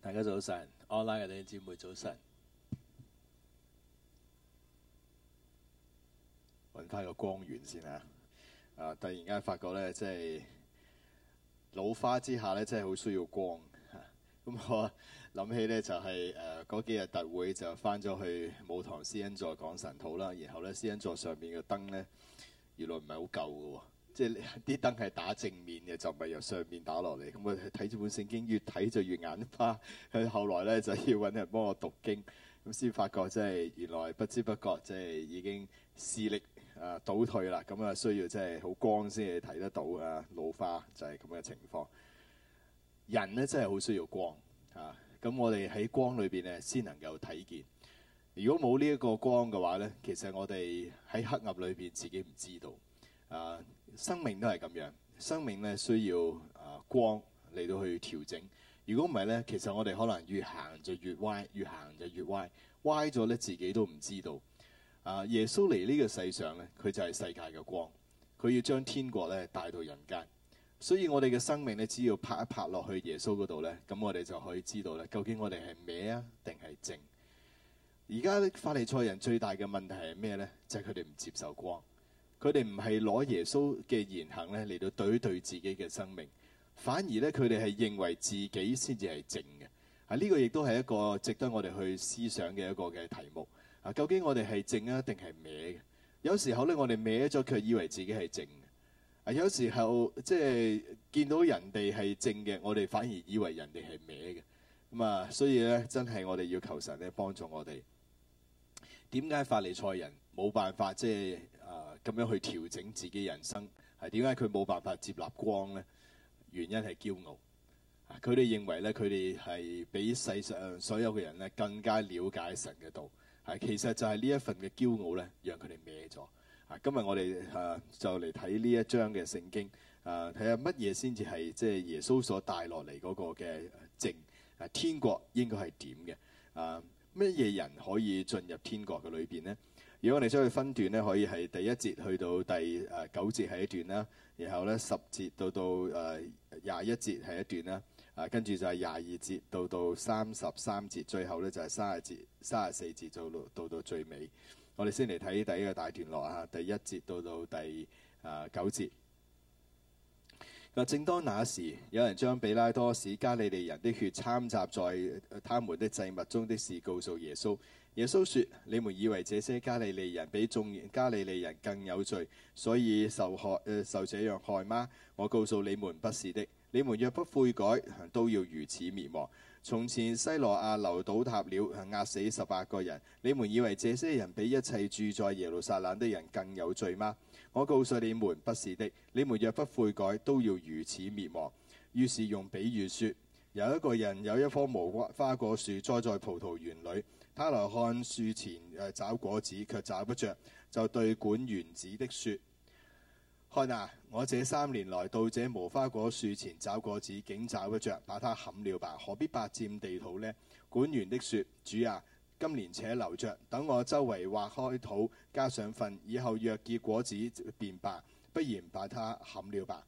大家早晨，online 嘅弟兄姊妹早晨。揾翻個光源先啊！啊，突然間發覺咧，即係老花之下咧，真係好需要光嚇。咁、啊嗯、我諗起咧，就係誒嗰幾日特會就翻咗去舞堂施恩座講神壺啦，然後咧施恩座上邊嘅燈咧，原來唔係好夠嘅喎。即係啲燈係打正面嘅，就唔係由上面打落嚟。咁我睇住本聖經，越睇就越眼花。佢後來咧就要搵人幫我讀經，咁先發覺即係原來不知不覺即係已經視力啊倒退啦。咁啊需要即係好光先至睇得到啊，老花就係咁嘅情況。人咧真係好需要光啊。咁我哋喺光裏邊咧先能夠睇見。如果冇呢一個光嘅話咧，其實我哋喺黑暗裏邊自己唔知道啊。生命都係咁樣，生命咧需要啊、呃、光嚟到去調整。如果唔係咧，其實我哋可能越行就越歪，越行就越歪。歪咗咧，自己都唔知道。啊、呃，耶穌嚟呢個世上咧，佢就係世界嘅光，佢要將天國咧帶到人間。所以我哋嘅生命咧，只要拍一拍落去耶穌嗰度咧，咁我哋就可以知道咧，究竟我哋係歪啊定係正。而家法利賽人最大嘅問題係咩咧？就係佢哋唔接受光。佢哋唔係攞耶穌嘅言行咧嚟到對對自己嘅生命，反而咧佢哋係認為自己先至係正嘅。啊，呢、這個亦都係一個值得我哋去思想嘅一個嘅題目。啊，究竟我哋係正啊定係歪嘅？有時候咧，我哋歪咗卻以為自己係正嘅。啊，有時候即係、就是、見到人哋係正嘅，我哋反而以為人哋係歪嘅。咁啊，所以咧真係我哋要求神咧幫助我哋。點解法利賽人冇辦法即係？就是咁樣去調整自己人生，係點解佢冇辦法接納光呢？原因係驕傲。啊，佢哋認為咧，佢哋係比世上所有嘅人咧更加了解神嘅道。係、啊、其實就係呢一份嘅驕傲咧，讓佢哋歪咗。啊，今日我哋啊就嚟睇呢一章嘅聖經啊，睇下乜嘢先至係即係耶穌所帶落嚟嗰個嘅證啊，天國應該係點嘅啊？乜嘢人可以進入天國嘅裏邊呢？如果我哋將佢分段呢，可以係第一節去到第誒九節係一段啦，然後呢十節到到誒廿一節係一段啦，啊、呃、跟住就係廿二節到到三十三節，最後呢就係三十節、三十四節到到到最尾。我哋先嚟睇第一個大段落啊，第一節到到第誒、呃、九節。嗱，正當那時，有人將比拉多史加利利人的血攙雜在他們的祭物中的事告訴耶穌。耶穌說：你們以為這些加利利人比眾人加利利人更有罪，所以受害、呃、受這樣害嗎？我告訴你們不是的。你們若不悔改，都要如此滅亡。從前西羅亞樓倒塌了，壓死十八個人。你們以為這些人比一切住在耶路撒冷的人更有罪嗎？我告訴你們不是的。你們若不悔改，都要如此滅亡。於是用比喻說：有一個人有一棵無花果樹栽在葡萄園裏。他來看樹前、啊、找果子，卻找不着，就對管園子的說：「看啊，我這三年來到這無花果樹前找果子，竟找不着，把它砍了吧，何必白佔地土呢？管園的說：「主啊，今年且留着，等我周圍挖開土，加上糞，以後若結果子便罷，不然把它砍了吧。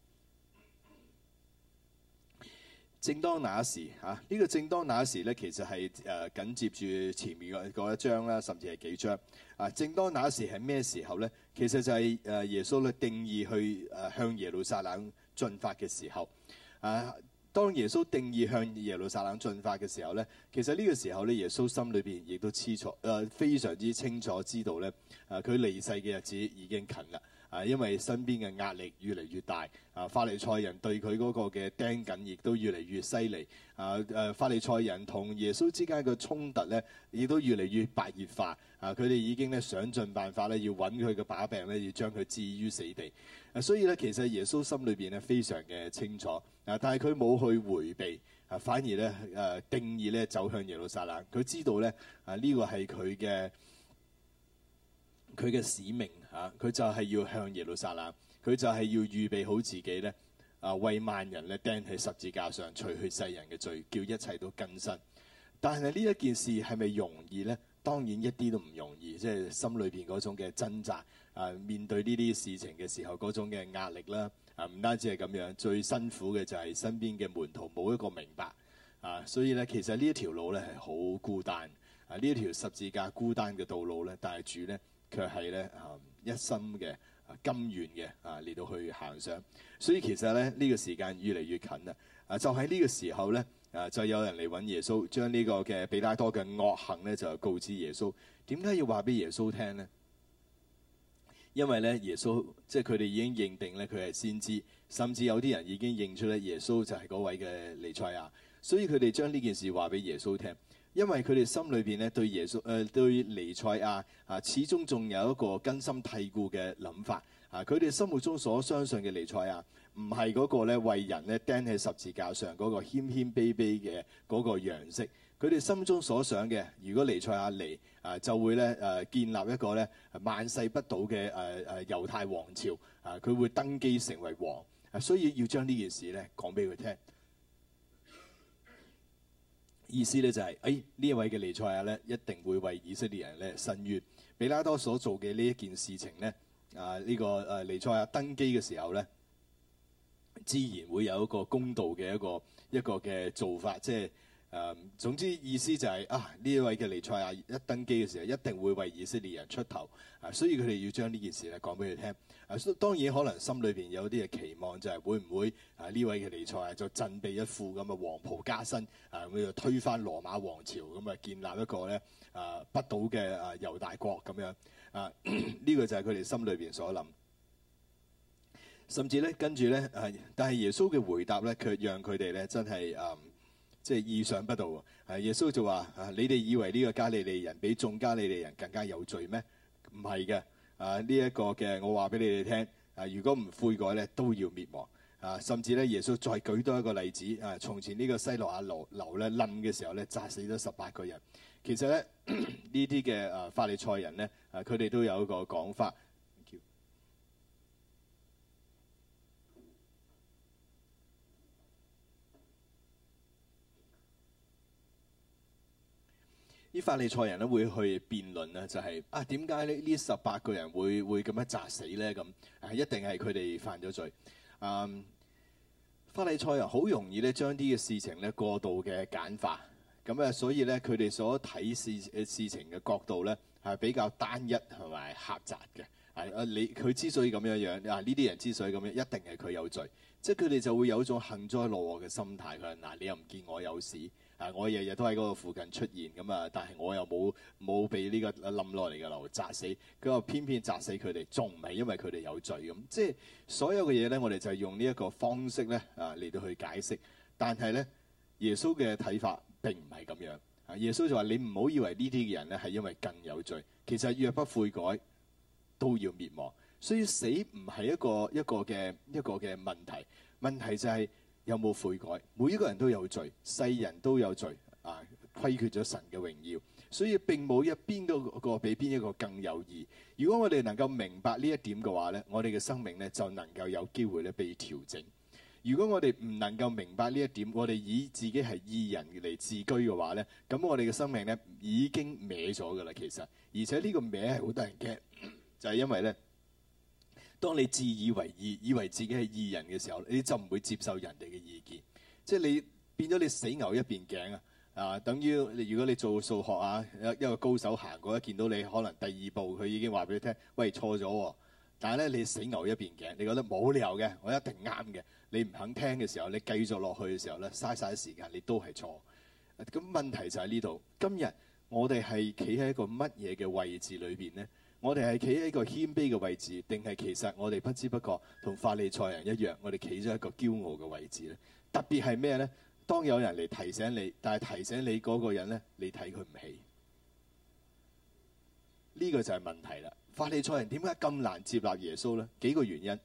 正當那時，嚇、啊、呢、這個正當那時咧，其實係誒、啊、緊接住前面嗰一章啦、啊，甚至係幾章。啊，正當那時係咩時候咧？其實就係、是、誒、啊、耶穌咧定意去誒、啊、向耶路撒冷進發嘅時候。啊，當耶穌定意向耶路撒冷進發嘅時候咧、啊，其實呢個時候咧，耶穌心裏邊亦都清楚誒非常之清楚知道咧，啊，佢離世嘅日子已經近啦。啊，因為身邊嘅壓力越嚟越大，啊，法利賽人對佢嗰個嘅釘緊亦都越嚟越犀利。啊誒，法利賽人同、啊啊、耶穌之間嘅衝突咧，亦都越嚟越白熱化。啊，佢哋已經咧想盡辦法咧，要揾佢嘅把柄咧，要將佢置於死地。啊、所以咧其實耶穌心裏邊咧非常嘅清楚。啊，但係佢冇去迴避，啊，反而咧誒、啊、定意咧走向耶路撒冷。佢知道咧啊呢、呢個係佢嘅佢嘅使命。嚇、啊，佢就係要向耶路撒冷，佢就係要預備好自己咧，啊，為萬人咧釘喺十字架上，除去世人嘅罪，叫一切都更新。但係呢一件事係咪容易呢？當然一啲都唔容易，即係心裏邊嗰種嘅掙扎，啊，面對呢啲事情嘅時候嗰種嘅壓力啦，啊，唔單止係咁樣，最辛苦嘅就係身邊嘅門徒冇一個明白，啊，所以咧其實呢一條路咧係好孤單，啊，呢一條十字架孤單嘅道路咧，但係主咧卻係咧啊。一心嘅，啊甘願嘅，啊嚟到去行上，所以其實咧呢個時間越嚟越近啦。啊，就喺呢個時候咧，啊就有人嚟揾耶穌，將呢個嘅彼拉多嘅惡行咧就告知耶穌。點解要話俾耶穌聽呢？因為咧耶穌即係佢哋已經認定咧佢係先知，甚至有啲人已經認出咧耶穌就係嗰位嘅彌賽亞。所以佢哋將呢件事話俾耶穌聽。因為佢哋心裏邊咧對耶穌誒對彌賽亞啊，始終仲有一個根深蒂固嘅諗法啊！佢哋心目中所相信嘅彌賽亞，唔係嗰個咧為人咧釘喺十字架上嗰個謙謙卑卑嘅嗰個樣式。佢哋心中所想嘅，如果彌賽亞嚟啊，就會咧誒建立一個咧萬世不倒嘅誒誒猶太王朝啊！佢會登基成為王啊，所以要將呢件事咧講俾佢聽。意思咧就係，誒呢一位嘅彌賽亞咧，一定會為以色列人咧伸冤。比拉多所做嘅呢一件事情咧，啊呢個誒彌賽亞登基嘅時候咧，自然會有一個公道嘅一個一個嘅做法，即係。誒，總之意思就係啊，呢一位嘅彌賽亞一登基嘅時候，一定會為以色列人出頭啊，所以佢哋要將呢件事咧講俾佢聽啊。當然可能心裏邊有啲嘅期望就係會唔會啊？呢位嘅彌賽亞就振臂一呼咁啊，黃袍加身啊，佢就推翻羅馬王朝咁啊，建立一個咧啊不倒嘅啊猶大國咁樣啊。呢個就係佢哋心裏邊所諗。甚至咧跟住咧啊，但係耶穌嘅回答咧，卻讓佢哋咧真係啊～即係意想不到喎！啊，耶穌就話：啊，你哋以為呢個加利利人比眾加利利人更加有罪咩？唔係嘅，啊呢一個嘅我話俾你哋聽：啊，如果唔悔改咧，都要滅亡。啊，甚至咧，耶穌再舉多一個例子：啊，從前呢個西羅亞樓樓咧冧嘅時候咧，砸死咗十八個人。其實咧，呢啲嘅啊法利賽人咧，啊佢哋都有一個講法。啲法利賽人咧會去辯論咧，就係、是、啊點解呢呢十八個人會會咁樣砸死咧咁？啊一定係佢哋犯咗罪。啊、嗯、法利賽人好容易咧將啲嘅事情咧過度嘅簡化，咁、啊、咧所以咧佢哋所睇事誒事情嘅角度咧係比較單一同埋狹窄嘅。係啊你佢之所以咁樣樣啊，呢啲人之所以咁樣，一定係佢有罪。即係佢哋就會有一種幸災樂禍嘅心態。佢話，嗱，你又唔見我有事。啊！我日日都喺嗰個附近出現咁啊，但係我又冇冇俾呢個冧落嚟嘅樓砸死，佢又偏偏砸死佢哋，仲唔係因為佢哋有罪咁？即係所有嘅嘢咧，我哋就係用呢一個方式咧啊嚟到去解釋。但係咧，耶穌嘅睇法並唔係咁樣。啊，耶穌就話：你唔好以為呢啲嘅人咧係因為更有罪，其實若不悔改都要滅亡。所以死唔係一個一個嘅一個嘅問題，問題就係。有冇悔改？每一個人都有罪，世人都有罪，啊，虧缺咗神嘅榮耀。所以並冇一邊嗰個比邊一個更有義。如果我哋能夠明白呢一點嘅話呢，我哋嘅生命呢，就能夠有機會咧被調整。如果我哋唔能夠明白呢一點，我哋以自己係義人嚟自居嘅話呢，咁我哋嘅生命呢，已經歪咗㗎喇。其實，而且呢個歪係好多人驚，就係因為呢。當你自以為義，以為自己係義人嘅時候，你就唔會接受人哋嘅意見，即係你變咗你死牛一邊頸啊！啊，等於如果你做數學啊，一一個高手行過一見到你，可能第二步佢已經話俾你聽，喂，錯咗哦，但係咧你死牛一邊頸，你覺得冇理由嘅，我一定啱嘅，你唔肯聽嘅時候，你繼續落去嘅時候咧，嘥曬時間，你都係錯。咁問題就喺呢度，今日我哋係企喺一個乜嘢嘅位置裏邊呢？我哋係企喺一個謙卑嘅位置，定係其實我哋不知不覺同法利賽人一樣，我哋企咗一個驕傲嘅位置咧。特別係咩咧？當有人嚟提醒你，但係提醒你嗰個人咧，你睇佢唔起。呢個就係問題啦。法利賽人點解咁難接納耶穌咧？幾個原因：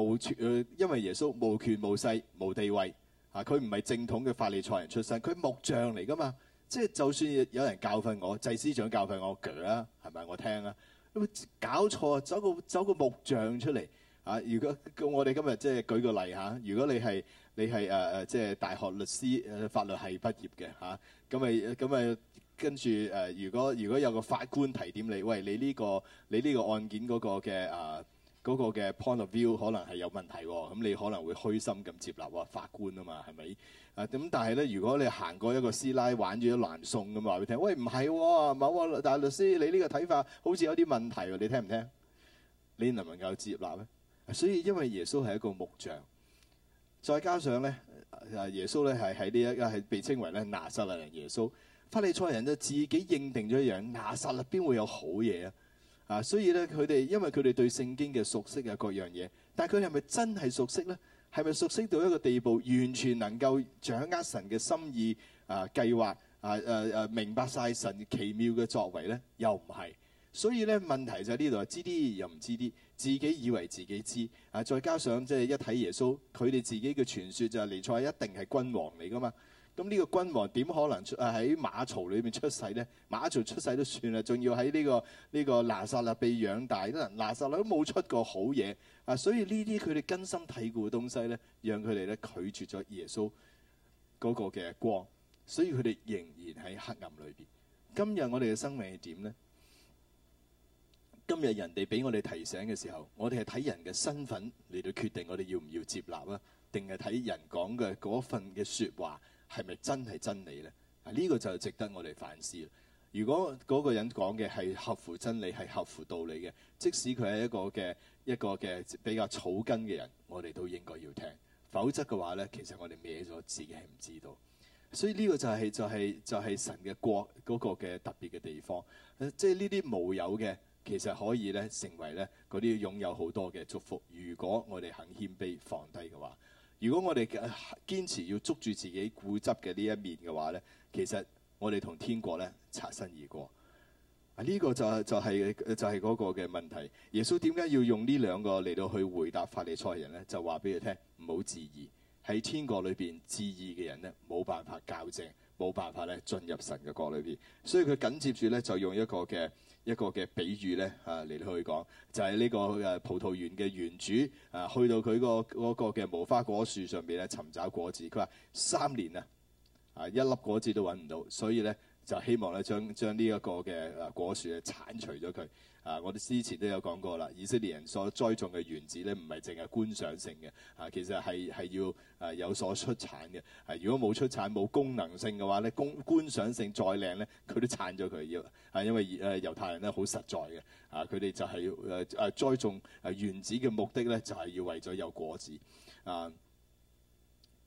無權、呃，因為耶穌無權無勢無地位啊！佢唔係正統嘅法利賽人出身，佢木匠嚟噶嘛。即係就算有人教訓我，祭司長教訓我腳啦，係咪我聽啊？咁搞錯，走個走個木匠出嚟、啊、如果我哋今日即係舉個例嚇、啊，如果你係你係、啊、即係大學律師法律系畢業嘅嚇，咁咪咁咪跟住、啊、如果如果有個法官提點你，喂，你呢個、你呢個案件嗰個嘅嗰、啊嗰個嘅 point of view 可能係有問題喎，咁你可能會虛心咁接納喎法官啊嘛，係咪？啊，咁但係咧，如果你行過一個師奶玩住一籃餸咁話俾你聽，喂，唔係喎，某大律師，你呢個睇法好似有啲問題喎，你聽唔聽？你能唔能夠接納咧？所以因為耶穌係一個木匠，再加上咧，耶穌咧係喺呢一個係被稱為咧拿撒勒人耶穌，法利賽人就自己認定咗一樣，拿撒勒邊會有好嘢啊？啊，所以咧佢哋因為佢哋對聖經嘅熟悉啊各樣嘢，但係佢係咪真係熟悉咧？係咪熟悉到一個地步，完全能夠掌握神嘅心意啊、呃？計劃啊、呃呃！明白晒神奇妙嘅作為咧，又唔係。所以咧問題就喺呢度，知啲又唔知啲，自己以為自己知啊！再加上即係一睇耶穌，佢哋自己嘅傳說就係尼賽一定係君王嚟噶嘛。咁呢個君王點可能出啊喺馬槽裏邊出世咧？馬槽出世都算啦，仲要喺呢個呢個拿撒勒被養大。嗱，拿撒勒都冇出過好嘢啊，所以呢啲佢哋根深蒂固嘅東西咧，讓佢哋咧拒絕咗耶穌嗰個嘅光，所以佢哋仍然喺黑暗裏邊。今日我哋嘅生命係點咧？今日人哋俾我哋提醒嘅時候，我哋係睇人嘅身份嚟到決定我哋要唔要接納啊？定係睇人講嘅嗰份嘅説話？係咪真係真理呢？啊，呢個就值得我哋反思。如果嗰個人講嘅係合乎真理、係合乎道理嘅，即使佢係一個嘅一個嘅比較草根嘅人，我哋都應該要聽。否則嘅話呢，其實我哋滅咗自己係唔知道。所以呢個就係就係就係神嘅國嗰個嘅特別嘅地方。即係呢啲無有嘅，其實可以呢成為呢嗰啲擁有好多嘅祝福。如果我哋肯謙卑放低嘅話。如果我哋堅持要捉住自己固執嘅呢一面嘅話呢，其實我哋同天國呢擦身而過。啊，呢個就係就係就係嗰個嘅問題。耶穌點解要用呢兩個嚟到去回答法利賽人呢？就話俾佢聽，唔好質疑。喺天國裏面質疑嘅人呢，冇辦法較正，冇辦法咧進入神嘅國裏面。」所以佢緊接住呢，就用一個嘅。一個嘅比喻咧，啊嚟到去去講，就係呢個嘅、啊、葡萄園嘅園主啊，去到佢個嗰個嘅無花果樹上邊咧尋找果子，佢話三年啊，啊一粒果子都揾唔到，所以咧就希望咧將將呢一個嘅果樹啊剷除咗佢。啊！我哋之前都有講過啦，以色列人所栽種嘅園子咧，唔係淨係觀賞性嘅。啊，其實係係要啊有所出產嘅。係、啊、如果冇出產冇功能性嘅話咧，觀觀賞性再靚咧，佢都鏟咗佢要。啊，因為誒、啊、猶太人咧好實在嘅。啊，佢哋就係誒誒栽種誒園子嘅目的咧，就係、是、要為咗有果子。啊，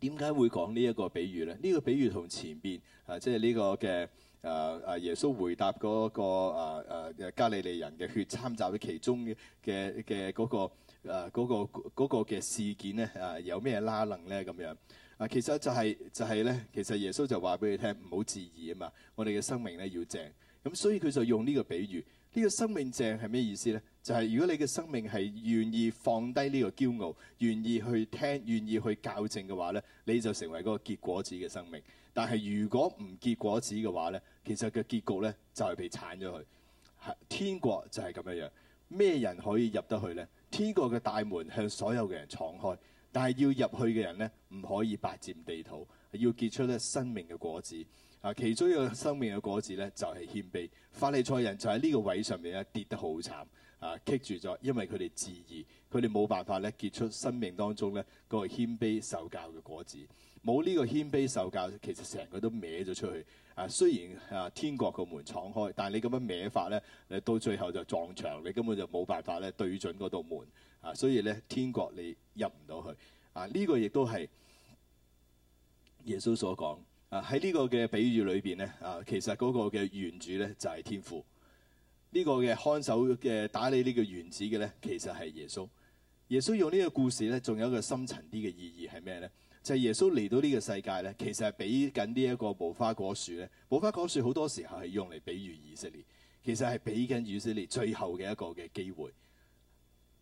點解會講呢一個比喻咧？呢、這個比喻同前面啊，即係呢個嘅。誒誒，耶穌回答嗰、那個誒誒、啊 uh, 加利利人嘅血參雜喺其中嘅嘅嘅嗰個誒嗰嘅事件咧，啊有咩拉能咧咁樣？啊其實就係、是、就係、是、咧，其實耶穌就話俾你聽唔好自義啊嘛，我哋嘅生命咧要正，咁所以佢就用呢個比喻，呢、這個生命正係咩意思咧？就係、是、如果你嘅生命係願意放低呢個驕傲，願意去聽，願意去校正嘅話咧，你就成為嗰個結果子嘅生命。但係如果唔結果子嘅話呢，其實個結局呢就係被剷咗去。天國就係咁樣樣，咩人可以入得去呢？天國嘅大門向所有嘅人敞開，但係要入去嘅人呢，唔可以霸佔地土，要結出咧生命嘅果子。啊，其中一個生命嘅果子呢，就係謙卑。法利賽人就喺呢個位上面咧跌得好慘啊，棘住咗，因為佢哋自義。佢哋冇辦法咧結出生命當中呢個謙卑受教嘅果子。冇呢個謙卑受教，其實成個都歪咗出去。啊，雖然啊天國個門敞開，但係你咁樣歪法咧，你到最後就撞牆，你根本就冇辦法咧對準嗰道門啊。所以咧，天國你入唔到去啊。呢個亦都係耶穌所講啊。喺呢個嘅比喻裏邊咧啊，其實嗰個嘅園主咧就係天父。呢個嘅看守嘅打理呢個園子嘅咧，其實係耶穌。耶穌用呢個故事咧，仲有一個深層啲嘅意義係咩咧？就係、是、耶穌嚟到呢個世界咧，其實係俾緊呢一個無花果樹咧。無花果樹好多時候係用嚟比喻以色列，其實係俾緊以色列最後嘅一個嘅機會，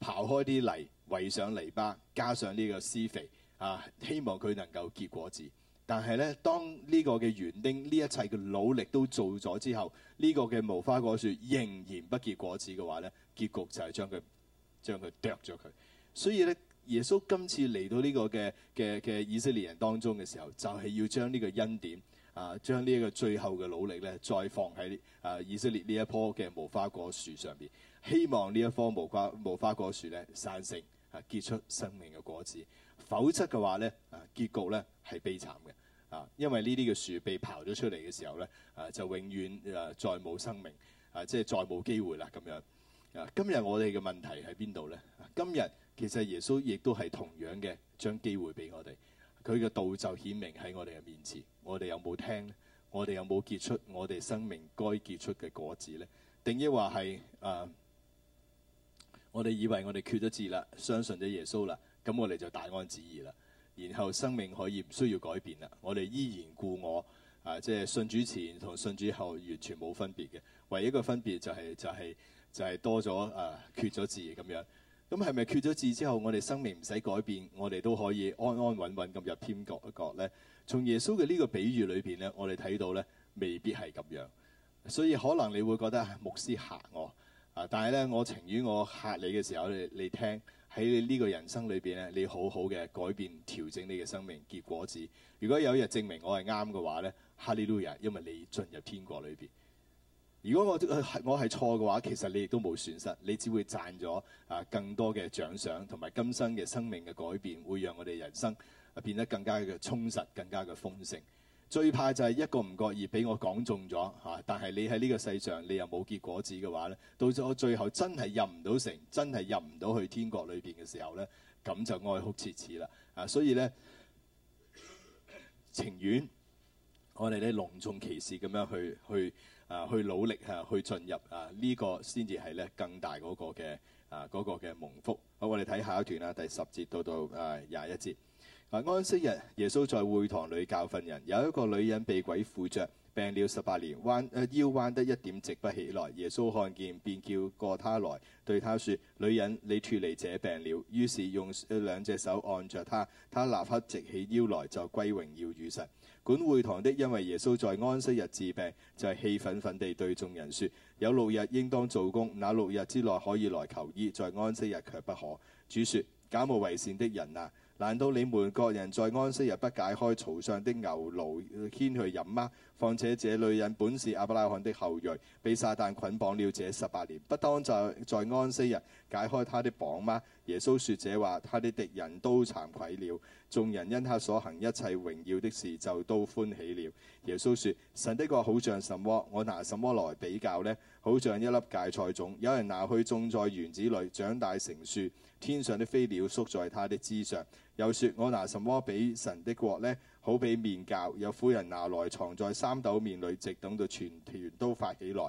刨開啲泥，圍上泥巴，加上呢個施肥啊，希望佢能夠結果子。但係咧，當呢個嘅園丁呢一切嘅努力都做咗之後，呢、這個嘅無花果樹仍然不結果子嘅話咧，結局就係將佢將佢剁咗佢。所以咧。耶穌今次嚟到呢個嘅嘅嘅以色列人當中嘅時候，就係要將呢個恩典啊，將呢一個最後嘅努力咧，再放喺啊以色列呢一棵嘅無花果樹上邊，希望呢一棵無花無花果樹咧，生性啊，結出生命嘅果子，否則嘅話咧啊，結局咧係悲慘嘅啊，因為呢啲嘅樹被刨咗出嚟嘅時候咧啊，就永遠啊再冇生命啊，即係再冇機會啦，咁樣啊。今日我哋嘅問題喺邊度咧？今日其實耶穌亦都係同樣嘅，將機會俾我哋。佢嘅道就顯明喺我哋嘅面前。我哋有冇聽？我哋有冇結出我哋生命該結出嘅果子呢？定抑或係誒？我哋以為我哋決咗志啦，相信咗耶穌啦，咁我哋就大安旨意啦。然後生命可以唔需要改變啦。我哋依然故我啊，即係信主前同信主後完全冇分別嘅。唯一嘅分別就係就係就係多咗誒決咗志咁樣。咁係咪決咗志之後，我哋生命唔使改變，我哋都可以安安穩穩咁入天國。一國呢，從耶穌嘅呢個比喻裏面呢，我哋睇到呢，未必係咁樣。所以可能你會覺得牧師嚇我啊！但係呢，我情願我嚇你嘅時候，你，你聽聽喺你呢個人生裏面呢，你好好嘅改變調整你嘅生命結果子。如果有一日證明我係啱嘅話呢，哈利路亞！因為你進入天國裏面。如果我係我係錯嘅話，其實你亦都冇損失，你只會賺咗啊更多嘅獎賞同埋今生嘅生命嘅改變，會讓我哋人生啊變得更加嘅充實，更加嘅豐盛。最怕就係一個唔覺意俾我講中咗嚇，但係你喺呢個世上你又冇結果子嘅話咧，到咗最後真係入唔到城，真係入唔到去天國裏邊嘅時候咧，咁就哀哭切齒啦啊！所以咧，情願我哋咧隆重其事咁樣去去。啊，去努力啊，去進入啊，這個、才是呢個先至係咧更大嗰個嘅啊嘅、嗰個、蒙福。好，我哋睇下一段啦，第十節到到啊廿一節。啊，安息日，耶穌在會堂裏教訓人，有一個女人被鬼附着，病了十八年、彎呃，腰彎得一點直不起來。耶穌看見，便叫過她來，對她說，女人，你脫離這病了。於是用兩隻手按着她，她立刻直起腰來，就歸榮耀與神。管會堂的，因為耶穌在安息日治病，就係氣憤憤地對眾人說：有六日應當做工，那六日之內可以來求醫，在安息日卻不可。主說：假冒為善的人啊！難道你們各人在安息日不解開槽上的牛驢牽去飲嗎？況且這女人本是亞伯拉罕的後裔，被撒旦捆綁了這十八年，不當在在安息日解開他的綁嗎？耶穌說：這話，他的敵人都慚愧了；眾人因他所行一切榮耀的事，就都歡喜了。耶穌說：神的國好像什麼？我拿什麼來比較呢？好像一粒芥菜種，有人拿去種在園子裏，長大成樹。天上的飛鳥宿在他的枝上，又說：我拿什麼俾神的國呢？好比麵酵。有婦人拿來藏在三斗麵裏，直等到全團都發起來。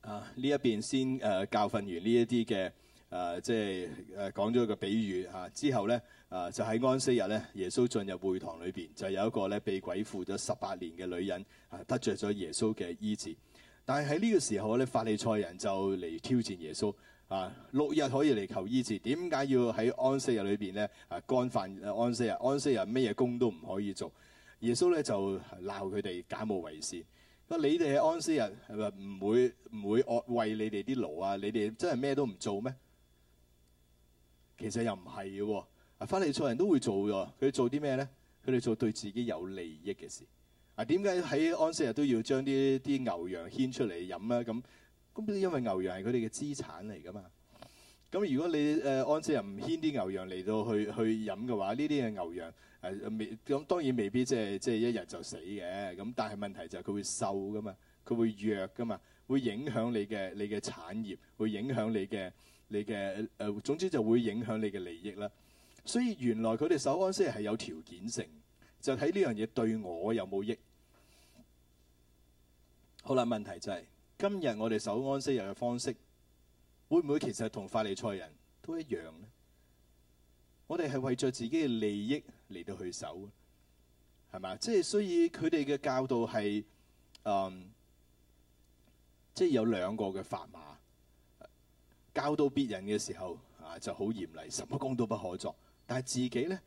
啊！呢一邊先誒、呃、教訓完呢一啲嘅誒，即係誒、呃、講咗個比喻嚇、啊。之後呢，啊，就喺安息日咧，耶穌進入會堂裏邊，就有一個咧被鬼附咗十八年嘅女人啊，得着咗耶穌嘅醫治。但係喺呢個時候咧，法利賽人就嚟挑戰耶穌。啊，六日可以嚟求醫治，點解要喺安息日裏邊咧？啊，干犯啊，安息日，安息日咩嘢工都唔可以做。耶穌咧就鬧佢哋假冒為善。佢話你哋喺安息日，唔會唔會惡為你哋啲勞啊？你哋真係咩都唔做咩？其實又唔係喎。啊，法利賽人都會做㗎，佢哋做啲咩咧？佢哋做對自己有利益嘅事。啊，點解喺安息日都要將啲啲牛羊牽出嚟飲咧？咁？咁因為牛羊係佢哋嘅資產嚟㗎嘛，咁如果你誒、呃、安息人唔牽啲牛羊嚟到去去飲嘅話，呢啲嘅牛羊誒、啊、未咁、啊、當然未必即係即係一日就死嘅，咁但係問題就係佢會瘦㗎嘛，佢會弱㗎嘛，會影響你嘅你嘅產業，會影響你嘅你嘅誒、呃、總之就會影響你嘅利益啦。所以原來佢哋守安息係有條件性，就睇呢樣嘢對我有冇益。好啦，問題就係、是。今日我哋守安息日嘅方式，會唔會其實同法利賽人都一樣呢？我哋係為著自己嘅利益嚟到去守，係咪？即係所以佢哋嘅教導係，嗯，即係有兩個嘅砝碼，教到別人嘅時候啊就好嚴厲，什麼功都不可作，但係自己咧，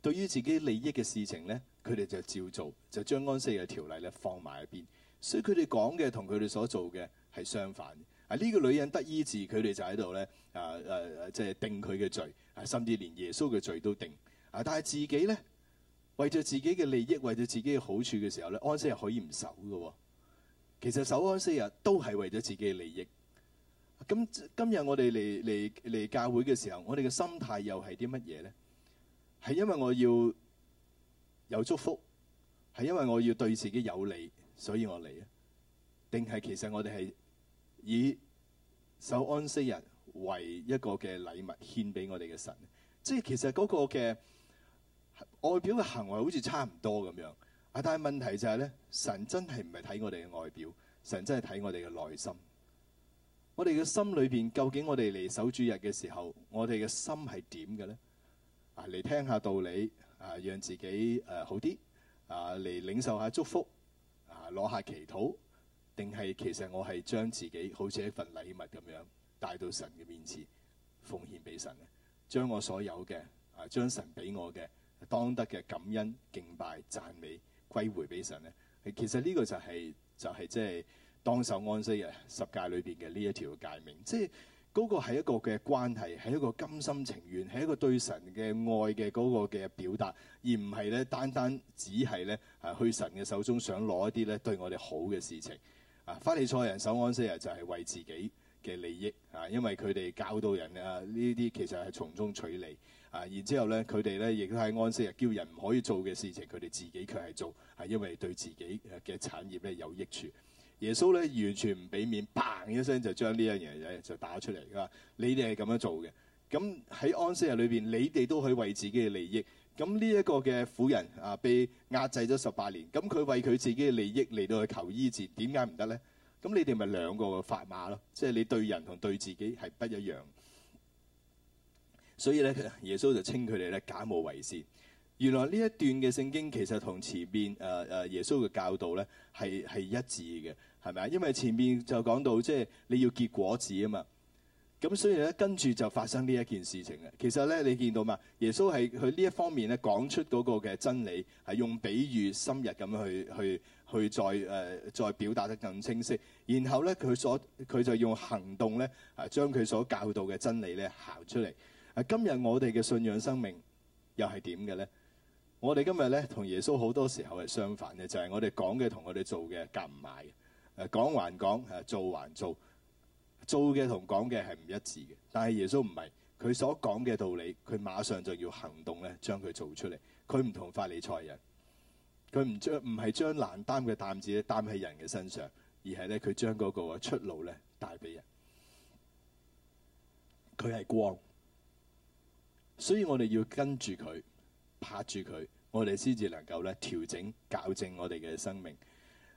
對於自己利益嘅事情咧，佢哋就照做，就將安息日條例咧放埋一邊。所以佢哋講嘅同佢哋所做嘅係相反嘅。啊，呢個女人得醫治，佢哋就喺度咧，啊，誒、啊，即係定佢嘅罪，甚至連耶穌嘅罪都定。啊，但係自己咧，為咗自己嘅利益，為咗自己嘅好處嘅時候咧，安息日可以唔守嘅、哦。其實守安息日、啊、都係為咗自己嘅利益。咁今日我哋嚟嚟嚟教會嘅時候，我哋嘅心態又係啲乜嘢咧？係因為我要有祝福，係因為我要對自己有利。所以我嚟，定係其實我哋係以守安息日為一個嘅禮物獻俾我哋嘅神。即係其實嗰個嘅外表嘅行為好似差唔多咁樣啊。但係問題就係咧，神真係唔係睇我哋嘅外表，神真係睇我哋嘅內心。我哋嘅心裏邊，究竟我哋嚟守主日嘅時候，我哋嘅心係點嘅咧？啊，嚟聽下道理啊，讓自己誒好啲啊，嚟領受下祝福。攞下祈禱，定係其實我係將自己好似一份禮物咁樣帶到神嘅面前，奉獻俾神咧，將我所有嘅啊，將神俾我嘅當得嘅感恩、敬拜、讚美歸回俾神咧。其實呢個就係、係、就係即係當守安息日十戒裏邊嘅呢一條界線，即係。嗰個係一個嘅關係，係一個甘心情願，係一個對神嘅愛嘅嗰個嘅表達，而唔係咧單單只係咧，啊去神嘅手中想攞一啲咧對我哋好嘅事情。啊，法利賽人守安息日就係為自己嘅利益，啊，因為佢哋教導人啊呢啲其實係從中取利，啊，然之後咧佢哋咧亦都係安息日叫人唔可以做嘅事情，佢哋自己卻係做，係、啊、因為對自己嘅產業咧有益處。耶穌咧完全唔俾面，砰一聲就將呢樣嘢就打出嚟，佢話：你哋係咁樣做嘅，咁喺安息日裏邊，你哋都可以為自己嘅利益。咁呢一個嘅婦人啊，被壓制咗十八年，咁佢為佢自己嘅利益嚟到去求醫治，點解唔得咧？咁你哋咪兩個嘅法碼咯，即係你對人同對自己係不一樣。所以咧，耶穌就稱佢哋咧假冒為善。原來呢一段嘅聖經其實同前面誒誒，啊，耶穌嘅教導咧係係一致嘅。係咪啊？因為前面就講到即係你要結果子啊嘛，咁所以咧跟住就發生呢一件事情嘅。其實咧你見到嘛，耶穌係佢呢一方面咧講出嗰個嘅真理，係用比喻深入咁去去去再、呃、再表達得更清晰。然後咧佢所佢就用行動咧啊將佢所教導嘅真理咧行出嚟，啊。今日我哋嘅信仰生命又係點嘅咧？我哋今日咧同耶穌好多時候係相反嘅，就係我哋講嘅同我哋做嘅夾唔埋。誒講還講，誒做還做，做嘅同講嘅係唔一致嘅。但係耶穌唔係，佢所講嘅道理，佢馬上就要行動咧，將佢做出嚟。佢唔同法利賽人，佢唔將唔係將難擔嘅擔子咧擔喺人嘅身上，而係咧佢將嗰個出路咧帶俾人。佢係光，所以我哋要跟住佢，拍住佢，我哋先至能夠咧調整校正我哋嘅生命。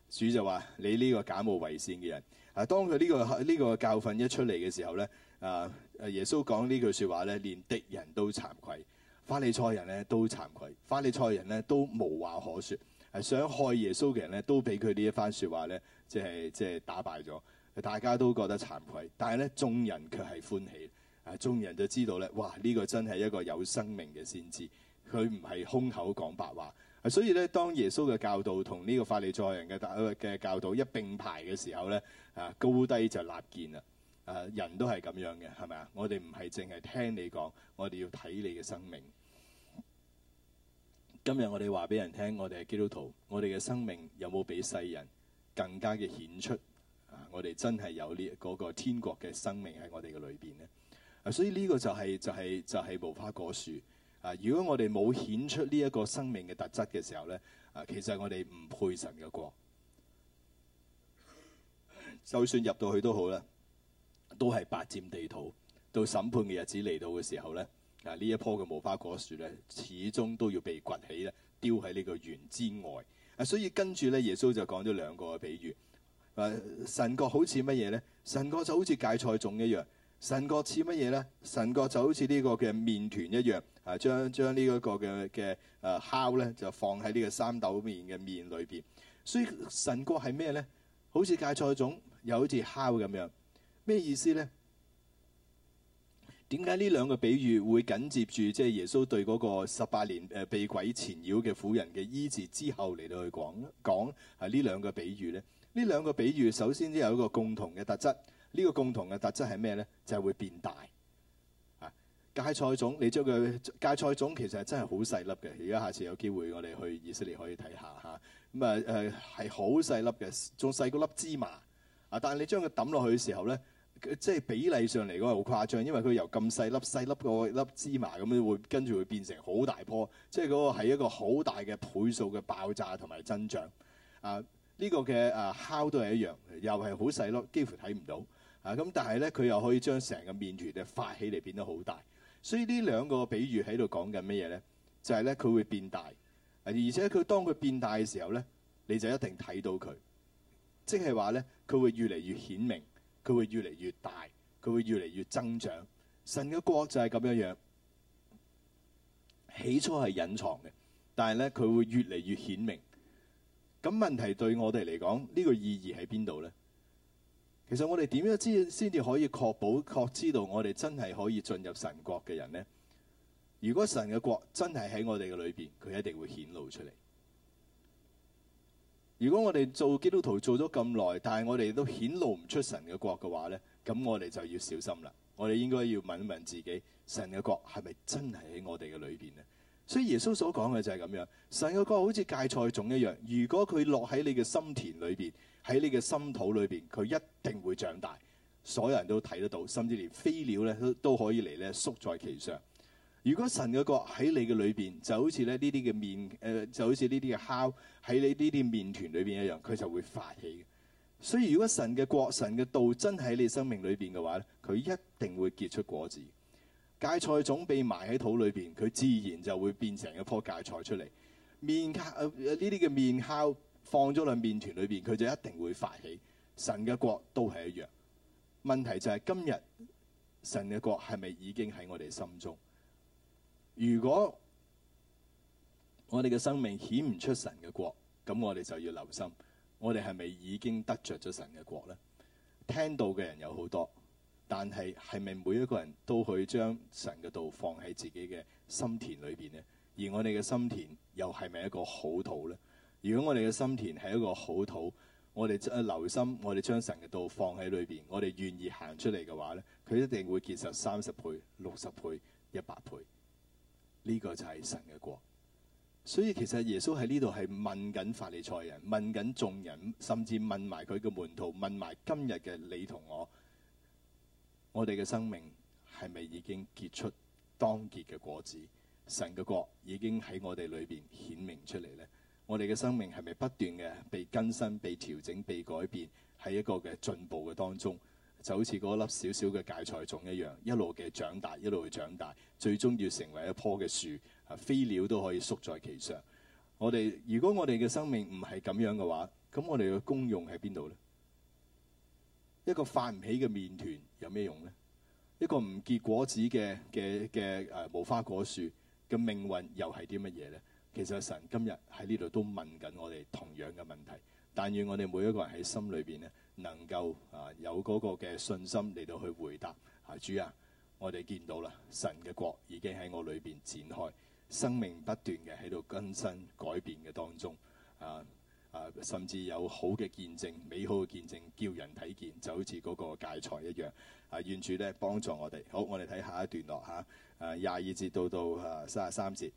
主就話：你呢個假冒為善嘅人，啊，當佢呢、呢個呢、呢個教訓一出嚟嘅時候咧，啊，耶穌講呢句説話咧，連敵人都慚愧，法利賽人咧都慚愧，法利賽人咧都無話可説，係、啊、想害耶穌嘅人咧都俾佢呢一番説話咧，即係即係打敗咗，大家都覺得慚愧，但係咧眾人卻係歡喜，啊，眾人就知道咧，哇，呢、呢個真係一個有生命嘅先知，佢唔係空口講白話。所以咧，當耶穌嘅教導同呢個法利賽人嘅嘅教導一並排嘅時候咧，啊，高低就立見啦。啊，人都係咁樣嘅，係咪啊？我哋唔係淨係聽你講，我哋要睇你嘅生命。今日我哋話俾人聽，我哋係基督徒，我哋嘅生命有冇比世人更加嘅顯出？啊，我哋真係有呢個天國嘅生命喺我哋嘅裏邊咧。啊，所以呢個就係、是、就係、是、就係、是就是、無花果樹。啊！如果我哋冇顯出呢一個生命嘅特質嘅時候咧，啊，其實我哋唔配神嘅國。就算入到去都好啦，都係白佔地土。到審判嘅日子嚟到嘅時候咧，啊，呢一棵嘅無花果樹咧，始終都要被掘起咧，丟喺呢個園之外。啊，所以跟住咧，耶穌就講咗兩個嘅比喻。啊，神國好似乜嘢咧？神國就好似芥菜種一樣。神國似乜嘢咧？神國就好似呢個嘅麵團一樣，啊，將，將啊呢一個嘅嘅誒酵咧，就放喺呢個三斗麵嘅麵裏面。所以神國係咩咧？好似芥菜種，又好似酵咁樣。咩意思咧？點解呢兩個比喻會緊接住即係耶穌對嗰個十八年誒被鬼纏繞嘅婦人嘅醫治之後嚟到去講講係呢兩個比喻咧？呢兩個比喻首先都有一個共同嘅特質。呢、這個共同嘅特質係咩咧？就係、是、會變大。啊，芥菜種你將佢芥菜種其實係真係好細粒嘅。而家下次有機會我哋去以色列可以睇下吓。咁啊誒係好細粒嘅，仲細過粒芝麻啊！但係你將佢抌落去嘅時候咧，即係比例上嚟講係好誇張，因為佢由咁細粒細粒個粒芝麻咁樣會跟住會變成好大樖，即係嗰個係一個好大嘅倍數嘅爆炸同埋增長。啊，呢、這個嘅誒酵都係一樣，又係好細粒，幾乎睇唔到。啊，咁但係咧，佢又可以將成個麵團咧發起嚟，變得好大。所以呢兩個比喻喺度講緊乜嘢咧？就係咧，佢會變大，而且佢當佢變大嘅時候咧，你就一定睇到佢。即係話咧，佢會越嚟越顯明，佢會越嚟越大，佢會越嚟越增長。神嘅國就係咁一樣，起初係隱藏嘅，但係咧，佢會越嚟越顯明。咁問題對我哋嚟講，呢個意義喺邊度咧？其實我哋點樣先先至可以確保確知道我哋真係可以進入神國嘅人呢？如果神嘅國真係喺我哋嘅裏邊，佢一定會顯露出嚟。如果我哋做基督徒做咗咁耐，但係我哋都顯露唔出神嘅國嘅話呢，咁我哋就要小心啦。我哋應該要問一問自己，神嘅國係咪真係喺我哋嘅裏邊呢？所以耶穌所講嘅就係咁樣，神嘅國好似芥菜種一樣，如果佢落喺你嘅心田裏邊，喺你嘅心土裏邊，佢一定會長大，所有人都睇得到，甚至連飛鳥咧都都可以嚟咧宿在其上。如果神嘅國喺你嘅裏邊，就好似咧呢啲嘅麵誒、呃，就好似呢啲嘅酵喺呢呢啲麵團裏邊一樣，佢就會發起嘅。所以如果神嘅國、神嘅道真喺你生命裏邊嘅話咧，佢一定會結出果子。芥菜種被埋喺土裏邊，佢自然就會變成一樖芥菜出嚟。麵誒呢啲嘅麵酵。呃放咗兩麵團裏邊，佢就一定會發起。神嘅國都係一樣。問題就係今日神嘅國係咪已經喺我哋心中？如果我哋嘅生命顯唔出神嘅國，咁我哋就要留心，我哋係咪已經得着咗神嘅國咧？聽到嘅人有好多，但係係咪每一個人都去將神嘅道放喺自己嘅心田裏邊呢？而我哋嘅心田又係咪一個好土咧？如果我哋嘅心田係一個好土，我哋留心，我哋將神嘅道放喺裏邊，我哋願意行出嚟嘅話咧，佢一定會結實三十倍、六十倍、一百倍。呢個就係神嘅國。所以其實耶穌喺呢度係問緊法利賽人，問緊眾人，甚至問埋佢嘅門徒，問埋今日嘅你同我，我哋嘅生命係咪已經結出當結嘅果子？神嘅國已經喺我哋裏邊顯明出嚟咧。我哋嘅生命係咪不，不斷嘅被更新、被調整、被改變，喺一個嘅進步嘅當中，就好似嗰粒小小嘅芥菜種一樣，一路嘅長大，一路嘅長大，最終要成為一棵嘅樹，啊，飛鳥都可以宿在其上。我哋如果我哋嘅生命唔係咁樣嘅話，咁我哋嘅功用喺邊度呢？一個發唔起嘅麵團有咩用呢？一個唔結果子嘅嘅嘅誒無花果樹嘅命運又係啲乜嘢咧？其實神今日喺呢度都問緊我哋同樣嘅問題，但願我哋每一個人喺心裏邊咧能夠啊有嗰個嘅信心嚟到去回答啊主啊，我哋見到啦，神嘅國已經喺我裏邊展開，生命不斷嘅喺度更新改變嘅當中啊啊，甚至有好嘅見證、美好嘅見證叫人睇見，就好似嗰個芥菜一樣啊，願主咧幫助我哋。好，我哋睇下一段落嚇，誒廿二節到到誒卅三節。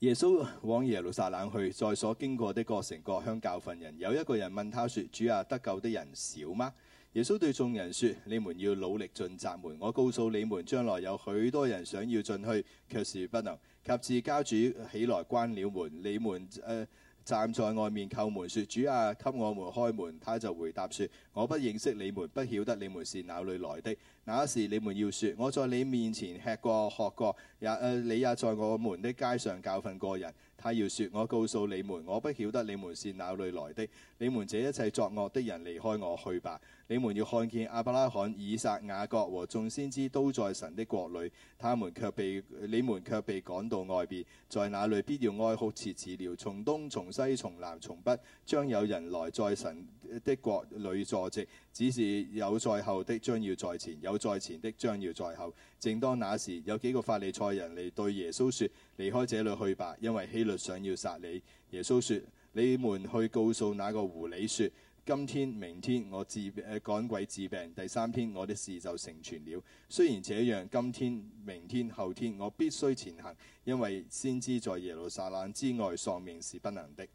耶穌往耶路撒冷去，在所經過的各城各鄉教訓人。有一個人問他說：主啊，得救的人少嗎？耶穌對眾人說：你們要努力進窄門。我告訴你們，將來有許多人想要進去，卻是不能。及至家主起來關了門，你們、呃站在外面叩門，說：主啊，給我們開門。他就回答說：我不認識你們，不曉得你們是哪裏來的。那時你們要說：我在你面前吃過、喝過，也、呃、你也在我們的街上教訓過人。他要說：我告訴你們，我不曉得你們是哪裏來的。你們這一切作惡的人，離開我去吧。你們要看見亞伯拉罕、以撒、雅各和眾先知都在神的國裏，他們卻被你們卻被趕到外邊，在那裏必要哀哭切齒了。從東從西從南從北，將有人來在神的國裏坐席。只是有在後的將要在前，有在前的將要在後。正當那時，有幾個法利賽人嚟對耶穌說：離開這裏去吧，因為希律想要殺你。耶穌說：你們去告訴那個狐狸說。今天、明天我，我治誒趕鬼治病，第三天我的事就成全了。雖然這樣，今天、明天、後天，我必須前行，因為先知在耶路撒冷之外喪命是不能的。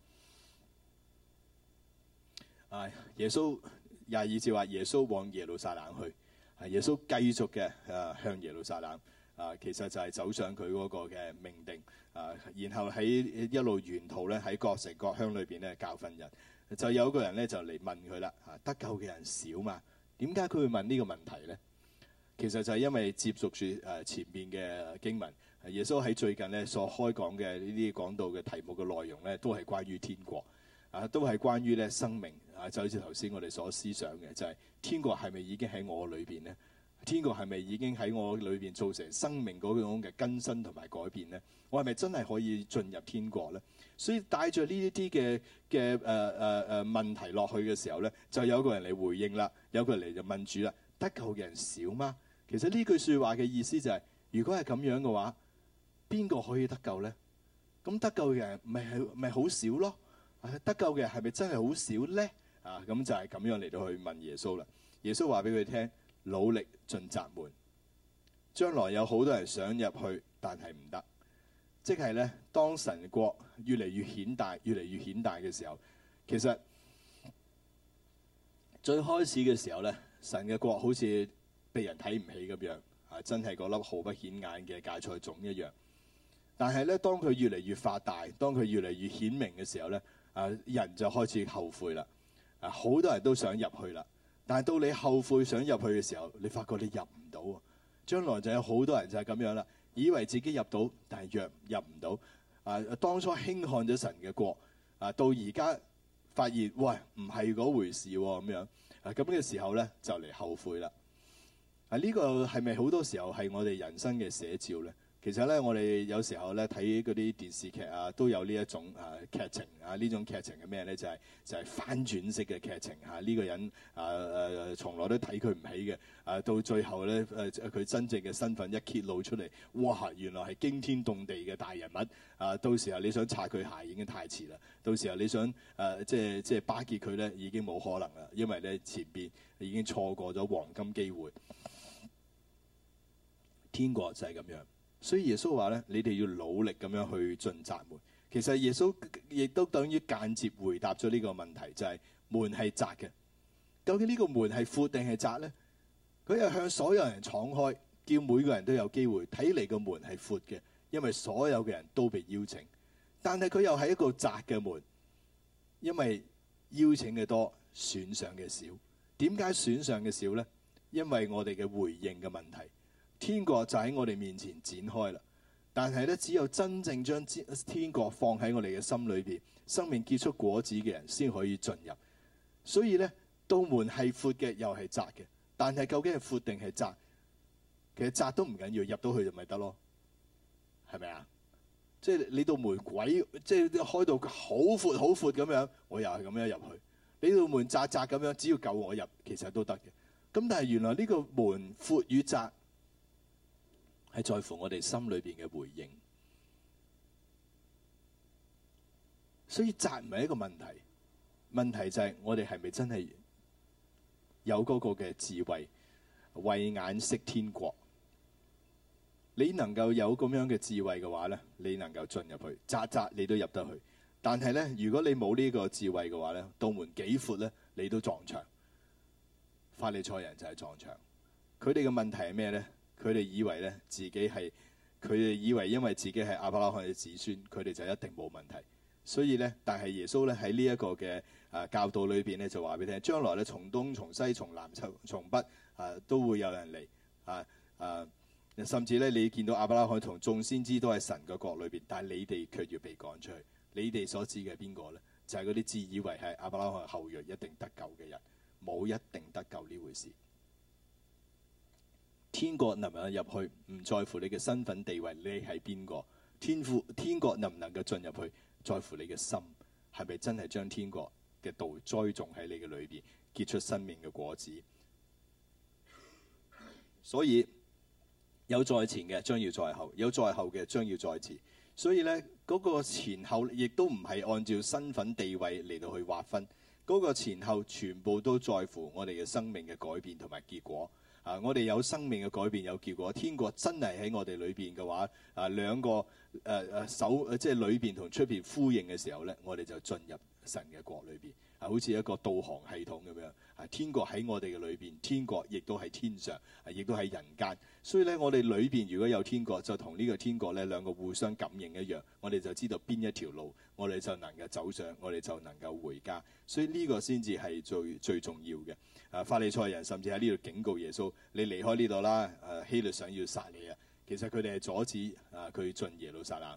哎、耶穌廿二節話：耶穌往耶路撒冷去。耶穌繼續嘅、啊、向耶路撒冷啊，其實就係走上佢嗰個嘅命定啊，然後喺一路沿途咧喺各城各鄉裏面咧教訓人，就有一個人咧就嚟問佢啦，啊，得救嘅人少嘛？點解佢會問呢個問題咧？其實就係因為接觸住誒前面嘅經文，耶穌喺最近咧所開講嘅呢啲講到嘅題目嘅內容咧，都係關於天國，啊都係關於咧生命啊，就好似頭先我哋所思想嘅，就係、是、天國係咪已經喺我裏邊呢？天國係咪已經喺我裏邊造成生命嗰種嘅更新同埋改變呢？我係咪真係可以進入天國咧？所以帶着呢一啲嘅嘅誒誒誒問題落去嘅時候咧，就有個人嚟回應啦。有個人嚟就問主啦：得救嘅人少嗎？其實呢句說話嘅意思就係、是，如果係咁樣嘅話，邊個可以得救咧？咁得救嘅人咪係咪好少咯？得救嘅人係咪真係好少咧？啊，咁就係咁樣嚟到去問耶穌啦。耶穌話俾佢聽：努力進窄門，將來有好多人想入去，但係唔得。即係咧，當神國越嚟越顯大、越嚟越顯大嘅時候，其實最開始嘅時候咧，神嘅國好似被人睇唔起咁樣，啊，真係嗰粒毫不顯眼嘅芥菜種一樣。但係咧，當佢越嚟越發大，當佢越嚟越顯明嘅時候咧，啊，人就開始後悔啦。啊，好多人都想入去啦，但係到你後悔想入去嘅時候，你發覺你入唔到啊！將來就有好多人就係咁樣啦。以為自己入到，但係入入唔到啊！當初輕看咗神嘅國啊，到而家發現喂唔係嗰回事咁樣啊，咁嘅、啊、時候咧就嚟後悔啦啊！呢、呢個係咪好多時候係我哋人生嘅寫照咧？其實咧，我哋有時候咧睇嗰啲電視劇啊，都有呢一種啊劇情啊。呢種劇情係咩咧？就係、是、就係、是、翻轉式嘅劇情嚇。呢、啊呢個人啊啊從來都睇佢唔起嘅啊，到最後咧誒佢真正嘅身份一揭露出嚟，哇！原來係驚天動地嘅大人物啊！到時候你想擦佢鞋已經太遲啦。到時候你想誒、啊、即係即係巴結佢咧，已經冇可能啦，因為咧前邊已經錯過咗黃金機會。天國就係咁樣。所以耶穌話咧：你哋要努力咁樣去進窄門。其實耶穌亦都等於間接回答咗呢個問題，就係門係窄嘅。究竟呢個門係闊定係窄呢？佢又向所有人敞開，叫每個人都有機會。睇嚟個門係闊嘅，因為所有嘅人都被邀請。但係佢又係一個窄嘅門，因為邀請嘅多，選上嘅少。點解選上嘅少呢？因為我哋嘅回應嘅問題。天國就喺我哋面前展開啦，但係咧，只有真正將天國放喺我哋嘅心裏邊，生命結出果子嘅人先可以進入。所以咧，道門係闊嘅又係窄嘅，但係究竟係闊定係窄？其實窄都唔緊要，入到去就咪得咯，係咪啊？即係你道門鬼，即係開到好闊好闊咁樣，我又係咁樣入去；你道門窄窄咁樣，只要夠我入，其實都得嘅。咁但係原來呢個門闊與窄，係在乎我哋心裏邊嘅回應，所以窄唔係一個問題，問題就係我哋係咪真係有嗰個嘅智慧，慧眼識天國？你能夠有咁樣嘅智慧嘅話咧，你能夠進入去，窄窄你都入得去，但係咧，如果你冇呢個智慧嘅話咧，道門幾闊咧你都撞牆，法利賽人就係撞牆，佢哋嘅問題係咩咧？佢哋以為咧自己係，佢哋以為因為自己係阿伯拉罕嘅子孫，佢哋就一定冇問題。所以咧，但係耶穌咧喺呢一個嘅誒、啊、教導裏邊咧，就話俾你聽，將來咧從東從西從南從從北誒、啊、都會有人嚟啊啊！甚至咧你見到阿伯拉罕同眾先知都係神嘅國裏邊，但係你哋卻要被趕出去。你哋所指嘅係邊個咧？就係嗰啲自以為係阿伯拉罕後裔一定得救嘅人，冇一定得救呢回事。天國能唔能入去？唔在乎你嘅身份地位，你係邊個？天父，天國能唔能夠進入去？在乎你嘅心係咪真係將天國嘅道栽種喺你嘅裏邊，結出生命嘅果子。所以有在前嘅，將要在後；有在後嘅，將要在前。所以呢，嗰個前後亦都唔係按照身份地位嚟到去劃分，嗰個前後全部都在乎我哋嘅生命嘅改變同埋結果。啊！我哋有生命嘅改變，有結果，天國真係喺我哋裏邊嘅話，啊兩個誒誒、啊、手即係裏邊同出邊呼應嘅時候咧，我哋就進入神嘅國裏邊，啊好似一個導航系統咁樣。天國喺我哋嘅裏邊，天國亦都係天上，亦都係人間。所以咧，我哋裏邊如果有天國，就同呢個天國咧兩個互相感應一樣，我哋就知道邊一條路，我哋就能夠走上，我哋就能夠回家。所以呢個先至係最最重要嘅。啊，法利賽人甚至喺呢度警告耶穌：你離開呢度啦！啊，希律想要殺你啊！其實佢哋係阻止啊佢進耶路撒冷，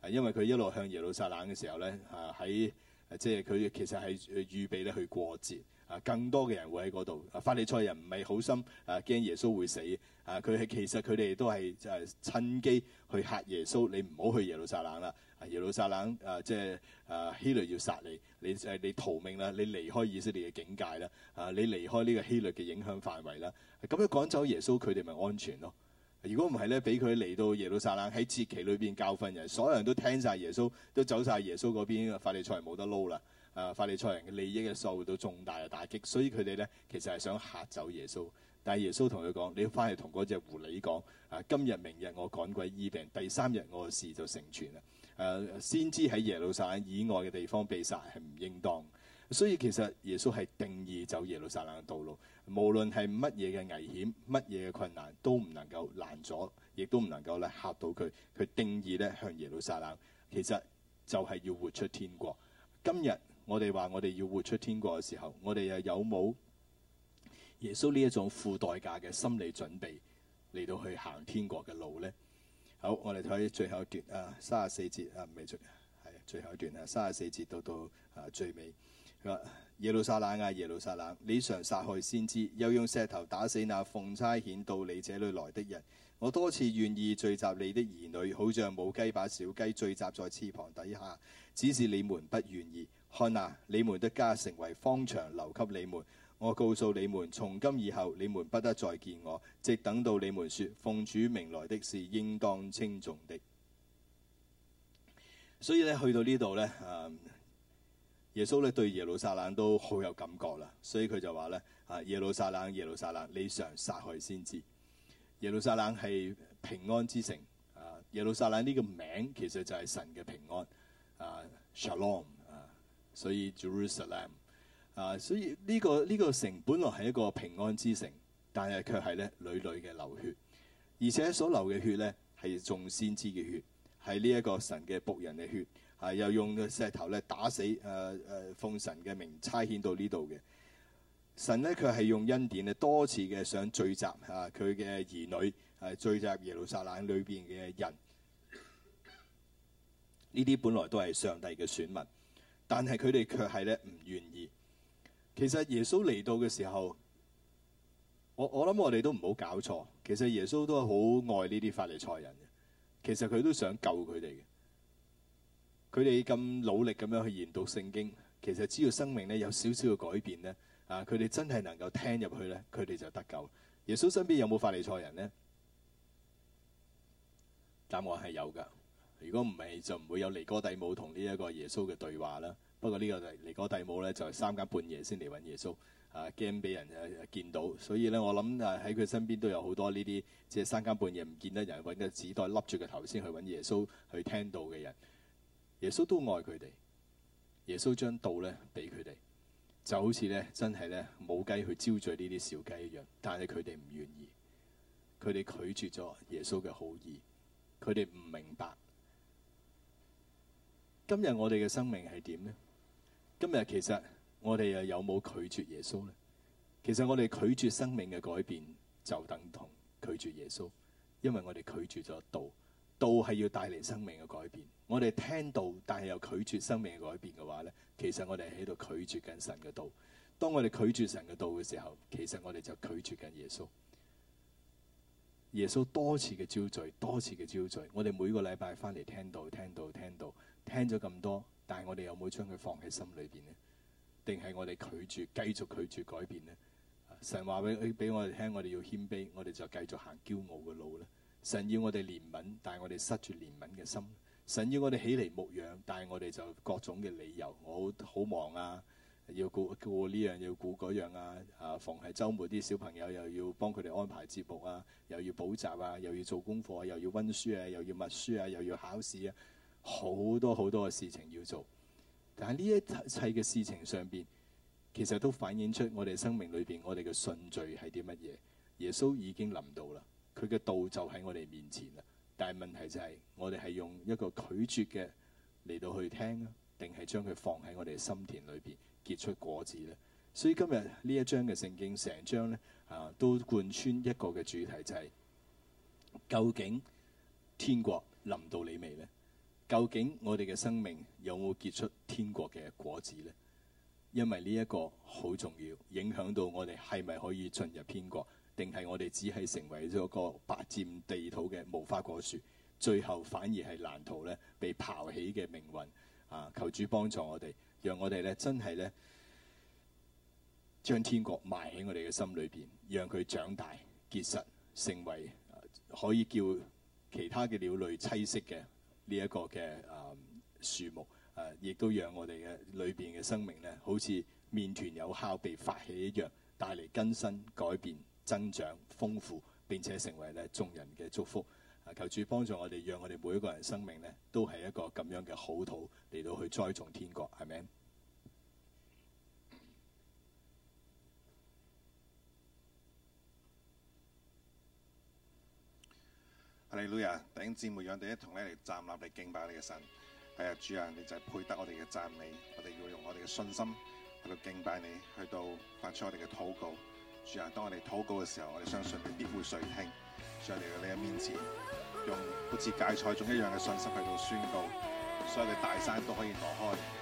啊，因為佢一路向耶路撒冷嘅時候咧，啊喺即係佢其實係預備咧去過節。啊，更多嘅人會喺嗰度。法利賽人唔係好心，啊驚耶穌會死。啊，佢係其實佢哋都係就係趁機去嚇耶穌，你唔好去耶路撒冷啦。耶路撒冷，啊即係啊希律要殺你，你誒你逃命啦，你離開以色列嘅境界啦，啊你離開呢個希律嘅影響範圍啦。咁、啊、樣趕走耶穌，佢哋咪安全咯。如果唔係咧，俾佢嚟到耶路撒冷喺節期裏邊教訓人，所有人都聽晒耶穌，都走晒耶穌嗰邊，法利賽冇得撈啦。啊！法利賽人嘅利益受到重大嘅打擊，所以佢哋咧其實係想嚇走耶穌。但係耶穌同佢講，你要翻去同嗰隻狐狸講，啊！今日，明日我趕鬼醫病，第三日我嘅事就成全啦，誒。先知喺耶路撒冷以外嘅地方被殺係唔應當。所以其實耶穌係定義走耶路撒冷嘅道路，無論係乜嘢嘅危險，乜嘢嘅困難都唔能夠攔阻，亦都唔能夠咧嚇到佢。佢定義咧向耶路撒冷，其實就係要活出天國。今日。我哋話：我哋要活出天國嘅時候，我哋又有冇耶穌呢一種付代價嘅心理準備嚟到去行天國嘅路呢？好，我哋睇最後一段啊，三十四節啊，唔係最係最後一段啊，三十四節到到啊最尾，啊。耶路撒冷啊，耶路撒冷，你常殺害先知，又用石頭打死那奉差遣到你這裏來的人。我多次願意聚集你的兒女，好像母雞把小雞聚集在翅膀底下，只是你們不願意。看啊！你們的家成為荒場，留給你們。我告訴你們，從今以後，你們不得再見我，直等到你們說奉主名來的是應當稱頌的。所以咧，去到呢度呢，啊，耶穌咧對耶路撒冷都好有感覺啦。所以佢就話呢：「啊，耶路撒冷，耶路撒冷，你常殺害先知。耶路撒冷係平安之城啊。耶路撒冷呢個名其實就係神嘅平安啊，shalom。所以 Jerusalem 啊，所以呢、呢個呢、呢個城本來係一個平安之城，但係卻係咧屢屢嘅流血，而且所流嘅血咧係眾先知嘅血，係呢一個神嘅僕人嘅血，啊又用個石頭咧打死誒誒、啊啊、奉神嘅名差遣到這裡呢度嘅神咧，佢係用恩典咧多次嘅想聚集啊佢嘅兒女係、啊、聚集耶路撒冷裏邊嘅人，呢啲本來都係上帝嘅選民。但係佢哋卻係咧唔願意。其實耶穌嚟到嘅時候，我我諗我哋都唔好搞錯。其實耶穌都係好愛呢啲法利賽人嘅。其實佢都想救佢哋嘅。佢哋咁努力咁樣去研讀聖經，其實只要生命咧有少少嘅改變咧，啊佢哋真係能夠聽入去咧，佢哋就得救。耶穌身邊有冇法利賽人呢？答案係有噶。如果唔係，就唔會有尼哥底母同呢一個耶穌嘅對話啦。不過呢個尼哥底母咧，就係三更半夜先嚟揾耶穌，啊驚俾人啊見到，所以咧我諗啊喺佢身邊都有好多呢啲，即係三更半夜唔見得人揾個紙袋笠住個頭先去揾耶穌去聽道嘅人。耶穌都愛佢哋，耶穌將道咧俾佢哋，就好似咧真係咧母雞去招聚呢啲小雞一樣，但係佢哋唔願意，佢哋拒絕咗耶穌嘅好意，佢哋唔明白。今日我哋嘅生命係點呢？今日其實我哋又有冇拒絕耶穌呢？其實我哋拒絕生命嘅改變，就等同拒絕耶穌，因為我哋拒絕咗道。道係要帶嚟生命嘅改變，我哋聽道，但係又拒絕生命嘅改變嘅話呢，其實我哋喺度拒絕緊神嘅道。當我哋拒絕神嘅道嘅時候，其實我哋就拒絕緊耶穌。耶穌多次嘅招聚，多次嘅招聚，我哋每個禮拜翻嚟聽道、聽道、聽道。聽聽咗咁多，但係我哋有冇將佢放喺心裏邊咧？定係我哋拒絕繼續拒絕改變咧、啊？神話俾俾我哋聽，我哋要謙卑，我哋就繼續行驕傲嘅路咧。神要我哋憐憫，但係我哋失住憐憫嘅心。神要我哋起嚟牧養，但係我哋就各種嘅理由，我好，好忙啊，要顧顧呢樣要顧嗰樣啊。啊，逢係週末啲小朋友又要幫佢哋安排節目啊，又要補習啊，又要做功課，又要温書啊，又要默、啊、書啊，又要考試啊。好多好多嘅事情要做，但係呢一切嘅事情上邊，其實都反映出我哋生命裏邊我哋嘅順序係啲乜嘢。耶穌已經臨到啦，佢嘅道就喺我哋面前啦。但係問題就係，我哋係用一個拒絕嘅嚟，到去聽啊，定係將佢放喺我哋心田裏邊結出果子咧？所以今日呢一章嘅聖經成章咧，啊，都貫穿一個嘅主題就係，究竟天國臨到你未咧？究竟我哋嘅生命有冇結出天國嘅果子咧？因為呢一個好重要，影響到我哋係咪可以進入天國，定係我哋只係成為咗個白占地土嘅無花果樹，最後反而係難逃咧被刨起嘅命運啊！求主幫助我哋，讓我哋咧真係咧將天國埋喺我哋嘅心裏邊，讓佢長大結實，成為、呃、可以叫其他嘅鳥類棲息嘅。呢、這、一個嘅誒樹木誒，亦、啊、都讓我哋嘅裏邊嘅生命咧，好似麵團有酵被發起一樣，帶嚟更新、改變、增長、豐富，並且成為咧眾人嘅祝福。啊，求主幫助我哋，讓我哋每一個人生命咧，都係一個咁樣嘅好土，嚟到去栽種天國，阿們。哈利路亞，弟兄姊妹養哋一同咧嚟站立嚟敬拜你嘅神，係、哎、啊主人，你就係配得我哋嘅讚美，我哋要用我哋嘅信心去到敬拜你，去到發出我哋嘅禱告。主人，當我哋禱告嘅時候，我哋相信你必會垂聽。主啊，嚟到你嘅面前，用好似芥菜種一樣嘅信心去到宣告，所有你大山都可以挪開。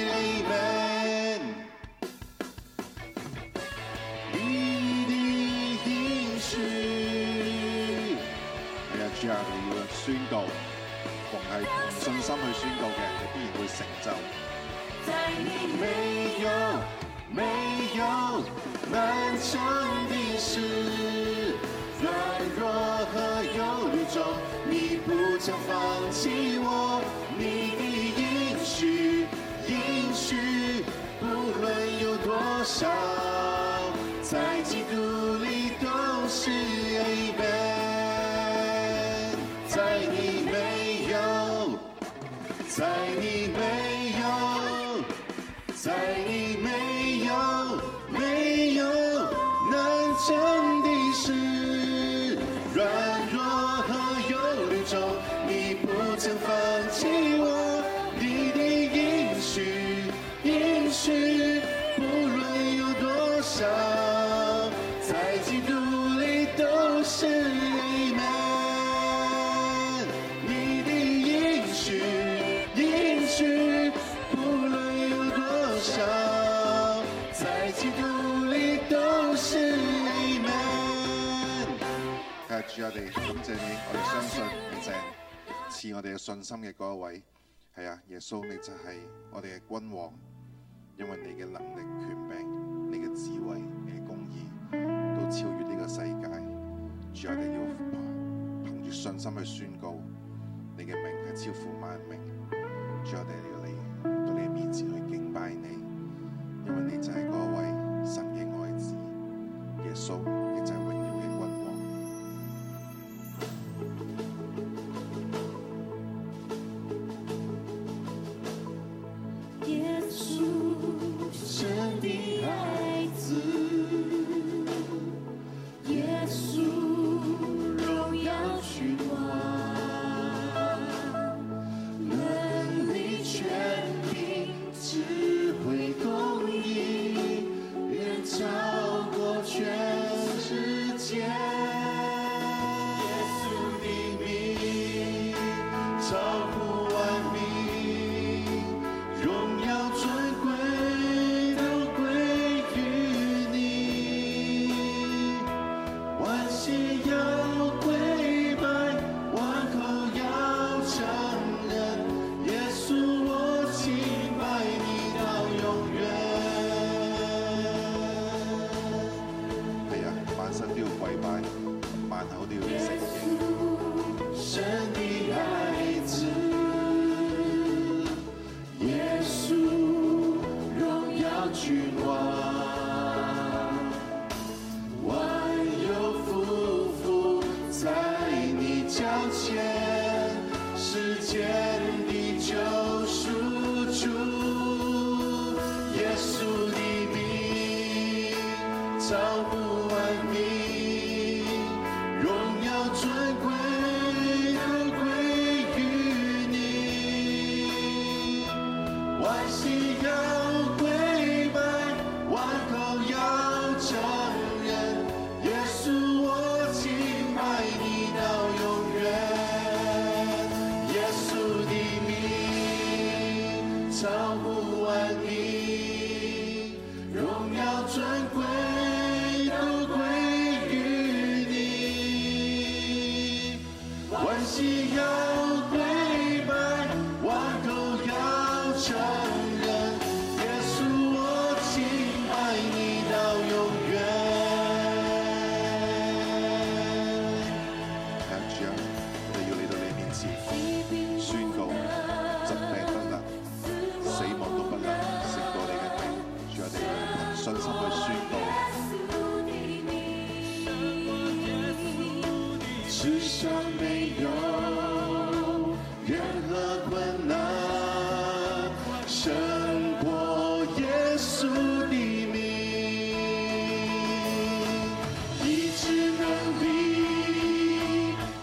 信心去宣告嘅人，佢必然會成就。在你沒有、沒有漫長的事，軟弱和憂慮中，你不曾放棄我，你的應許、應許，不論有多少。賜我哋嘅信心嘅嗰一位，係啊，耶穌，你就係我哋嘅君王，因為你嘅能力、權柄、你嘅智慧、你嘅公義，都超越呢個世界。主，我哋要憑住信心去宣告，你嘅名係超乎萬名。主，我哋。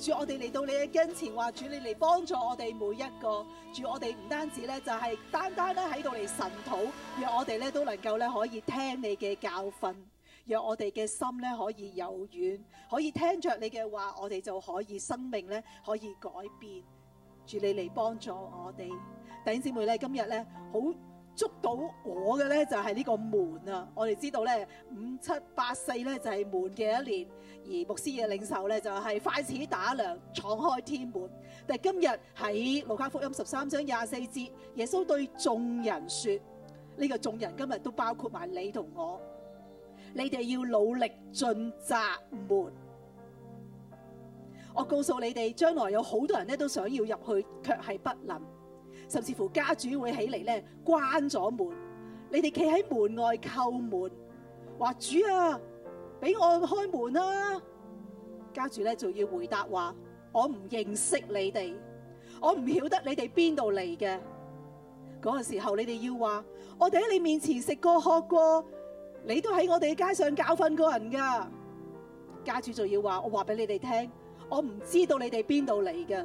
主，我哋嚟到你嘅跟前，話主，你嚟幫助我哋每一個。主，我哋唔單止咧，就係單單咧喺度嚟神土，讓我哋咧都能夠咧可以聽你嘅教訓，讓我哋嘅心咧可以柔軟，可以聽著你嘅話，我哋就可以生命咧可以改變。主，你嚟幫助我哋，弟兄姊妹咧，今日咧好。捉到我嘅咧就係、是、呢個門啊！我哋知道咧五七八四咧就係、是、門嘅一年，而牧師嘅領袖咧就係、是、快啲打量敞開天門。但係今日喺路加福音十三章廿四節，耶穌對眾人說：呢、這個眾人今日都包括埋你同我，你哋要努力進窄門。我告訴你哋，將來有好多人咧都想要入去，卻係不能。甚至乎家主會起嚟咧，關咗門。你哋企喺門外叩門，話主啊，俾我開門啊！家主咧就要回答話：我唔認識你哋，我唔曉得你哋邊度嚟嘅。嗰個時候你哋要話：我哋喺你面前食過喝過，你都喺我哋街上教訓過人㗎。家主就要話：我話俾你哋聽，我唔知道你哋邊度嚟嘅。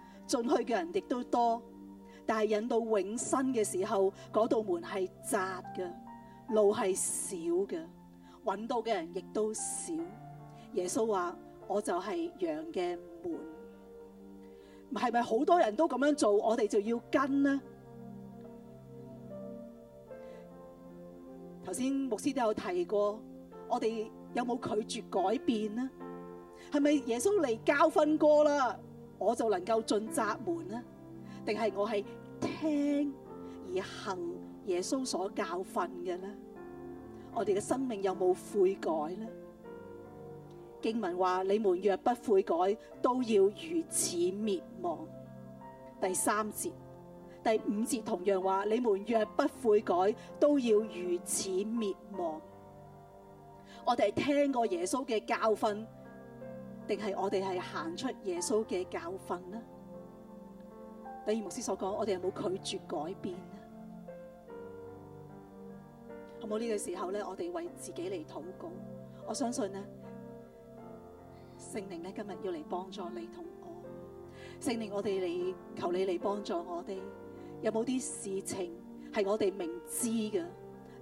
進去嘅人亦都多，但係引到永生嘅時候，嗰道門係窄嘅，路係少嘅，搵到嘅人亦都少。耶穌話：我就係羊嘅門。係咪好多人都咁樣做？我哋就要跟呢？頭先牧師都有提過，我哋有冇拒絕改變呢？係咪耶穌嚟教訓過啦？我就能夠進窄門呢？定係我係聽而行耶穌所教訓嘅呢？我哋嘅生命有冇悔改呢？經文話：你們若不悔改，都要如此滅亡。第三節、第五節同樣話：你們若不悔改，都要如此滅亡。我哋聽過耶穌嘅教訓。定係我哋係行出耶穌嘅教訓呢？等於牧師所講，我哋有冇拒絕改變呢？好冇呢個時候咧，我哋為自己嚟禱告？我相信呢，聖靈咧今日要嚟幫助你同我。聖靈，我哋嚟求你嚟幫助我哋。有冇啲事情係我哋明知嘅，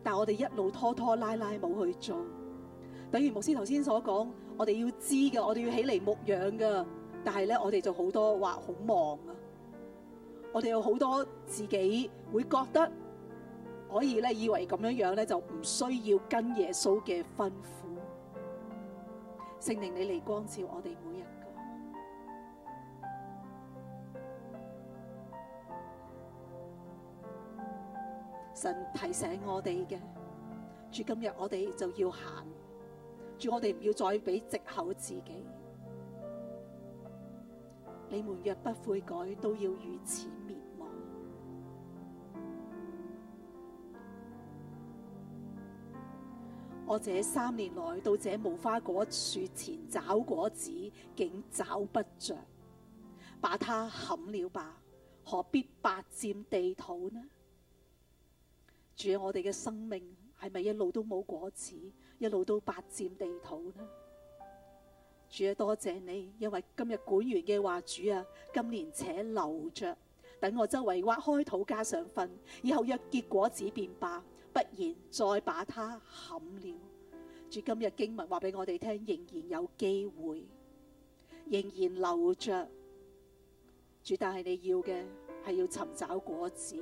但我哋一路拖拖拉拉冇去做？等於牧師頭先所講。我哋要知嘅，我哋要起嚟牧養嘅，但係咧，我哋就好多話好忙啊！我哋有好多自己會覺得可以咧，以為咁樣樣咧就唔需要跟耶穌嘅吩咐。聖靈你嚟光照我哋每日。神提醒我哋嘅，主今日我哋就要行。主，我哋唔要再俾藉口自己。你們若不悔改，都要如此滅亡。我這三年來到這無花果樹前找果子，竟找不着，把它砍了吧，何必白占地土呢？主，我哋嘅生命係咪一路都冇果子？一路都白佔地土呢？主啊，多謝你，因為今日管園嘅話，主啊今年且留着，等我周圍挖開土加上糞，以後若結果子便罷，不然再把它砍了。主今日經文話畀我哋聽，仍然有機會，仍然留着。主，但係你要嘅係要尋找果子，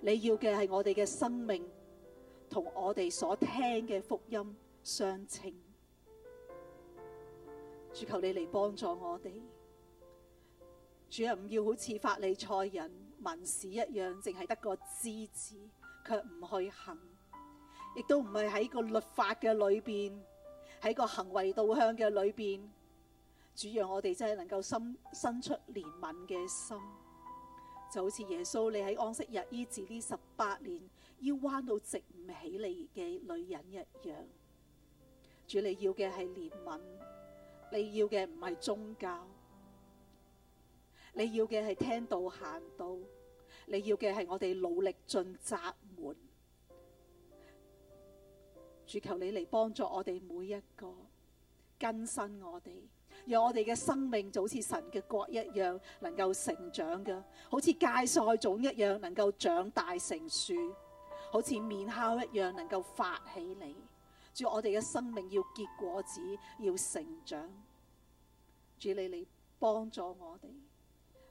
你要嘅係我哋嘅生命。同我哋所聽嘅福音相稱，主求你嚟幫助我哋。主，唔要好似法利賽人、文士一樣，淨係得個知字，卻唔去行；亦都唔係喺個律法嘅裏邊，喺個行為導向嘅裏邊。主讓我哋真係能夠生出憐憫嘅心，就好似耶穌，你喺安息日醫治呢十八年。腰彎到直唔起嚟嘅女人一樣，主，你要嘅係憐憫，你要嘅唔係宗教，你要嘅係聽道行道，你要嘅係我哋努力進窄門。主求你嚟幫助我哋每一個，更新我哋，讓我哋嘅生命就好似神嘅國一樣能夠成長噶，好似芥菜種一樣能夠長大成樹。好似麵酵一樣，能夠發起嚟，主要我哋嘅生命要結果子，要成長。主你嚟幫助我哋，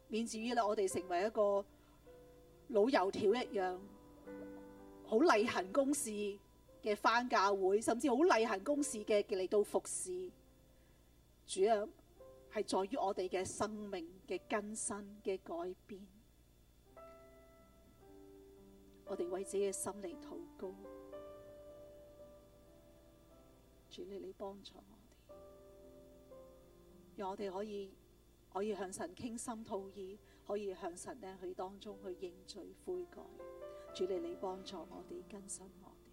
免至於咧我哋成為一個老油條一樣，好例行公事嘅返教會，甚至好例行公事嘅嚟到服侍。主啊，係在於我哋嘅生命嘅更新嘅改變。我哋為自己嘅心嚟禱告，主嚟你幫助我哋，讓我哋可以可以向神傾心吐意，可以向神咧去當中去認罪悔改。主嚟你幫助我哋更新我哋，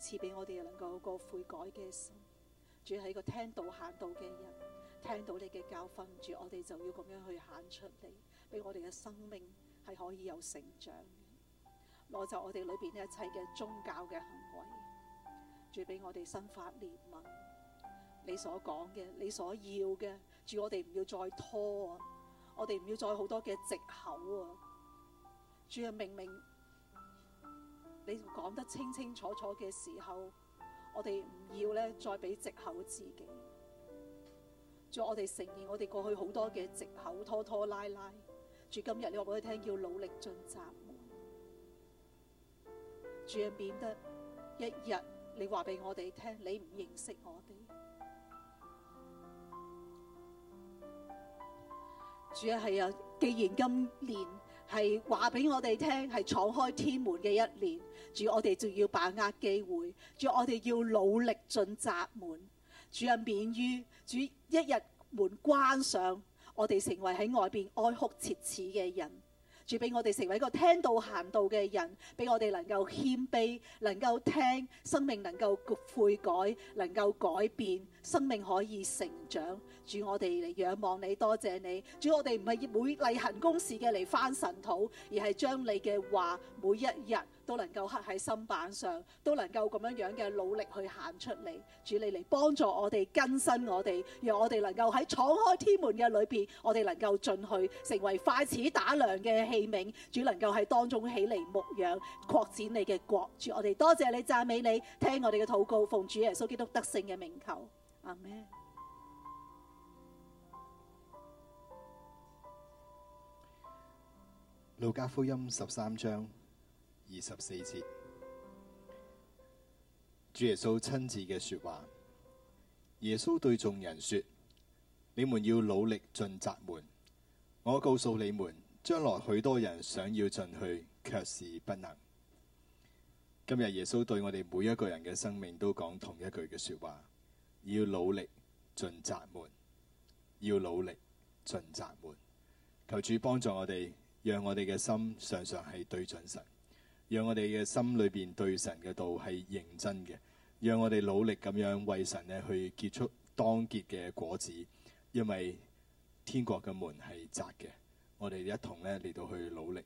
賜俾我哋能夠有個悔改嘅心。主係一個聽到喊到嘅人，聽到你嘅教訓，主我哋就要咁樣去喊出嚟，俾我哋嘅生命係可以有成長，攞走我哋裏邊一切嘅宗教嘅行為，仲要畀我哋新法憲文，你所講嘅，你所要嘅，主要我哋唔要再拖啊，我哋唔要再好多嘅藉口啊，主啊，明明你講得清清楚楚嘅時候，我哋唔要咧再畀藉口自己，仲要我哋承認我哋過去好多嘅藉口拖拖拉拉。主今日你話俾我哋聽要努力進窄門，主啊免得一日你話俾我哋聽你唔認識我哋。主啊係啊，既然今年係話俾我哋聽係敞開天門嘅一年，主我哋就要把握機會，主我哋要努力進窄門，主啊免於主一日門關上。我哋成為喺外面哀哭切齒嘅人，主俾我哋成為一個聽道行道嘅人，俾我哋能夠謙卑，能夠聽生命，能夠悔改，能夠改變，生命可以成長。主我哋嚟仰望你，多謝你。主我哋唔係每例行公事嘅嚟翻神土，而係將你嘅話每一日。都能夠刻喺心板上，都能夠咁樣樣嘅努力去行出嚟，主你嚟幫助我哋更新我哋，讓我哋能夠喺敞開天門嘅裏邊，我哋能夠進去成為快似打糧嘅器皿，主能夠喺當中起嚟牧養，擴展你嘅國。主我哋多謝你讚美你，聽我哋嘅禱告，奉主耶穌基督得勝嘅名求，阿門。路加福音十三章。二十四節，主耶穌親自嘅說話。耶穌對眾人說：你們要努力進窄門。我告訴你們，將來許多人想要進去，卻是不能。今日耶穌對我哋每一個人嘅生命都講同一句嘅說話：要努力進窄門，要努力進窄門。求主幫助我哋，讓我哋嘅心常常係對準神。讓我哋嘅心裏邊對神嘅道係認真嘅，讓我哋努力咁樣為神咧去結出當結嘅果子。因為天國嘅門係窄嘅，我哋一同咧嚟到去努力，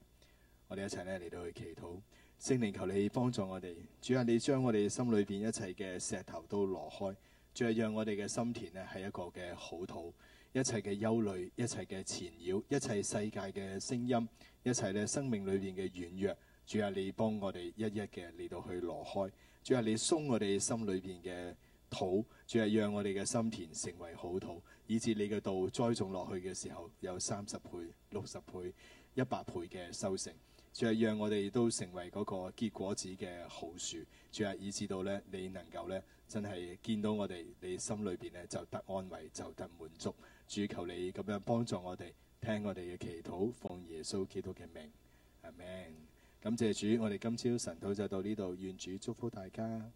我哋一齊咧嚟到去祈禱。聖靈，求你幫助我哋，主啊，你將我哋心裏邊一切嘅石頭都挪開，主啊，讓我哋嘅心田咧係一個嘅好土，一切嘅憂慮、一切嘅纏繞、一切世界嘅聲音、一切咧生命裏面嘅軟弱。主係，你幫我哋一一嘅嚟到去挪開。主係，你鬆我哋心裏邊嘅土。主係，讓我哋嘅心田成為好土，以至你嘅道栽種落去嘅時候有三十倍、六十倍、一百倍嘅收成。主係，讓我哋都成為嗰個結果子嘅好樹。主係，以至到呢，你能夠呢，真係見到我哋，你心裏邊呢，就得安慰，就得滿足。主求你咁樣幫助我哋，聽我哋嘅祈禱，奉耶穌基督嘅名。阿門。感謝主，我哋今朝晨禱就到呢度，願主祝福大家。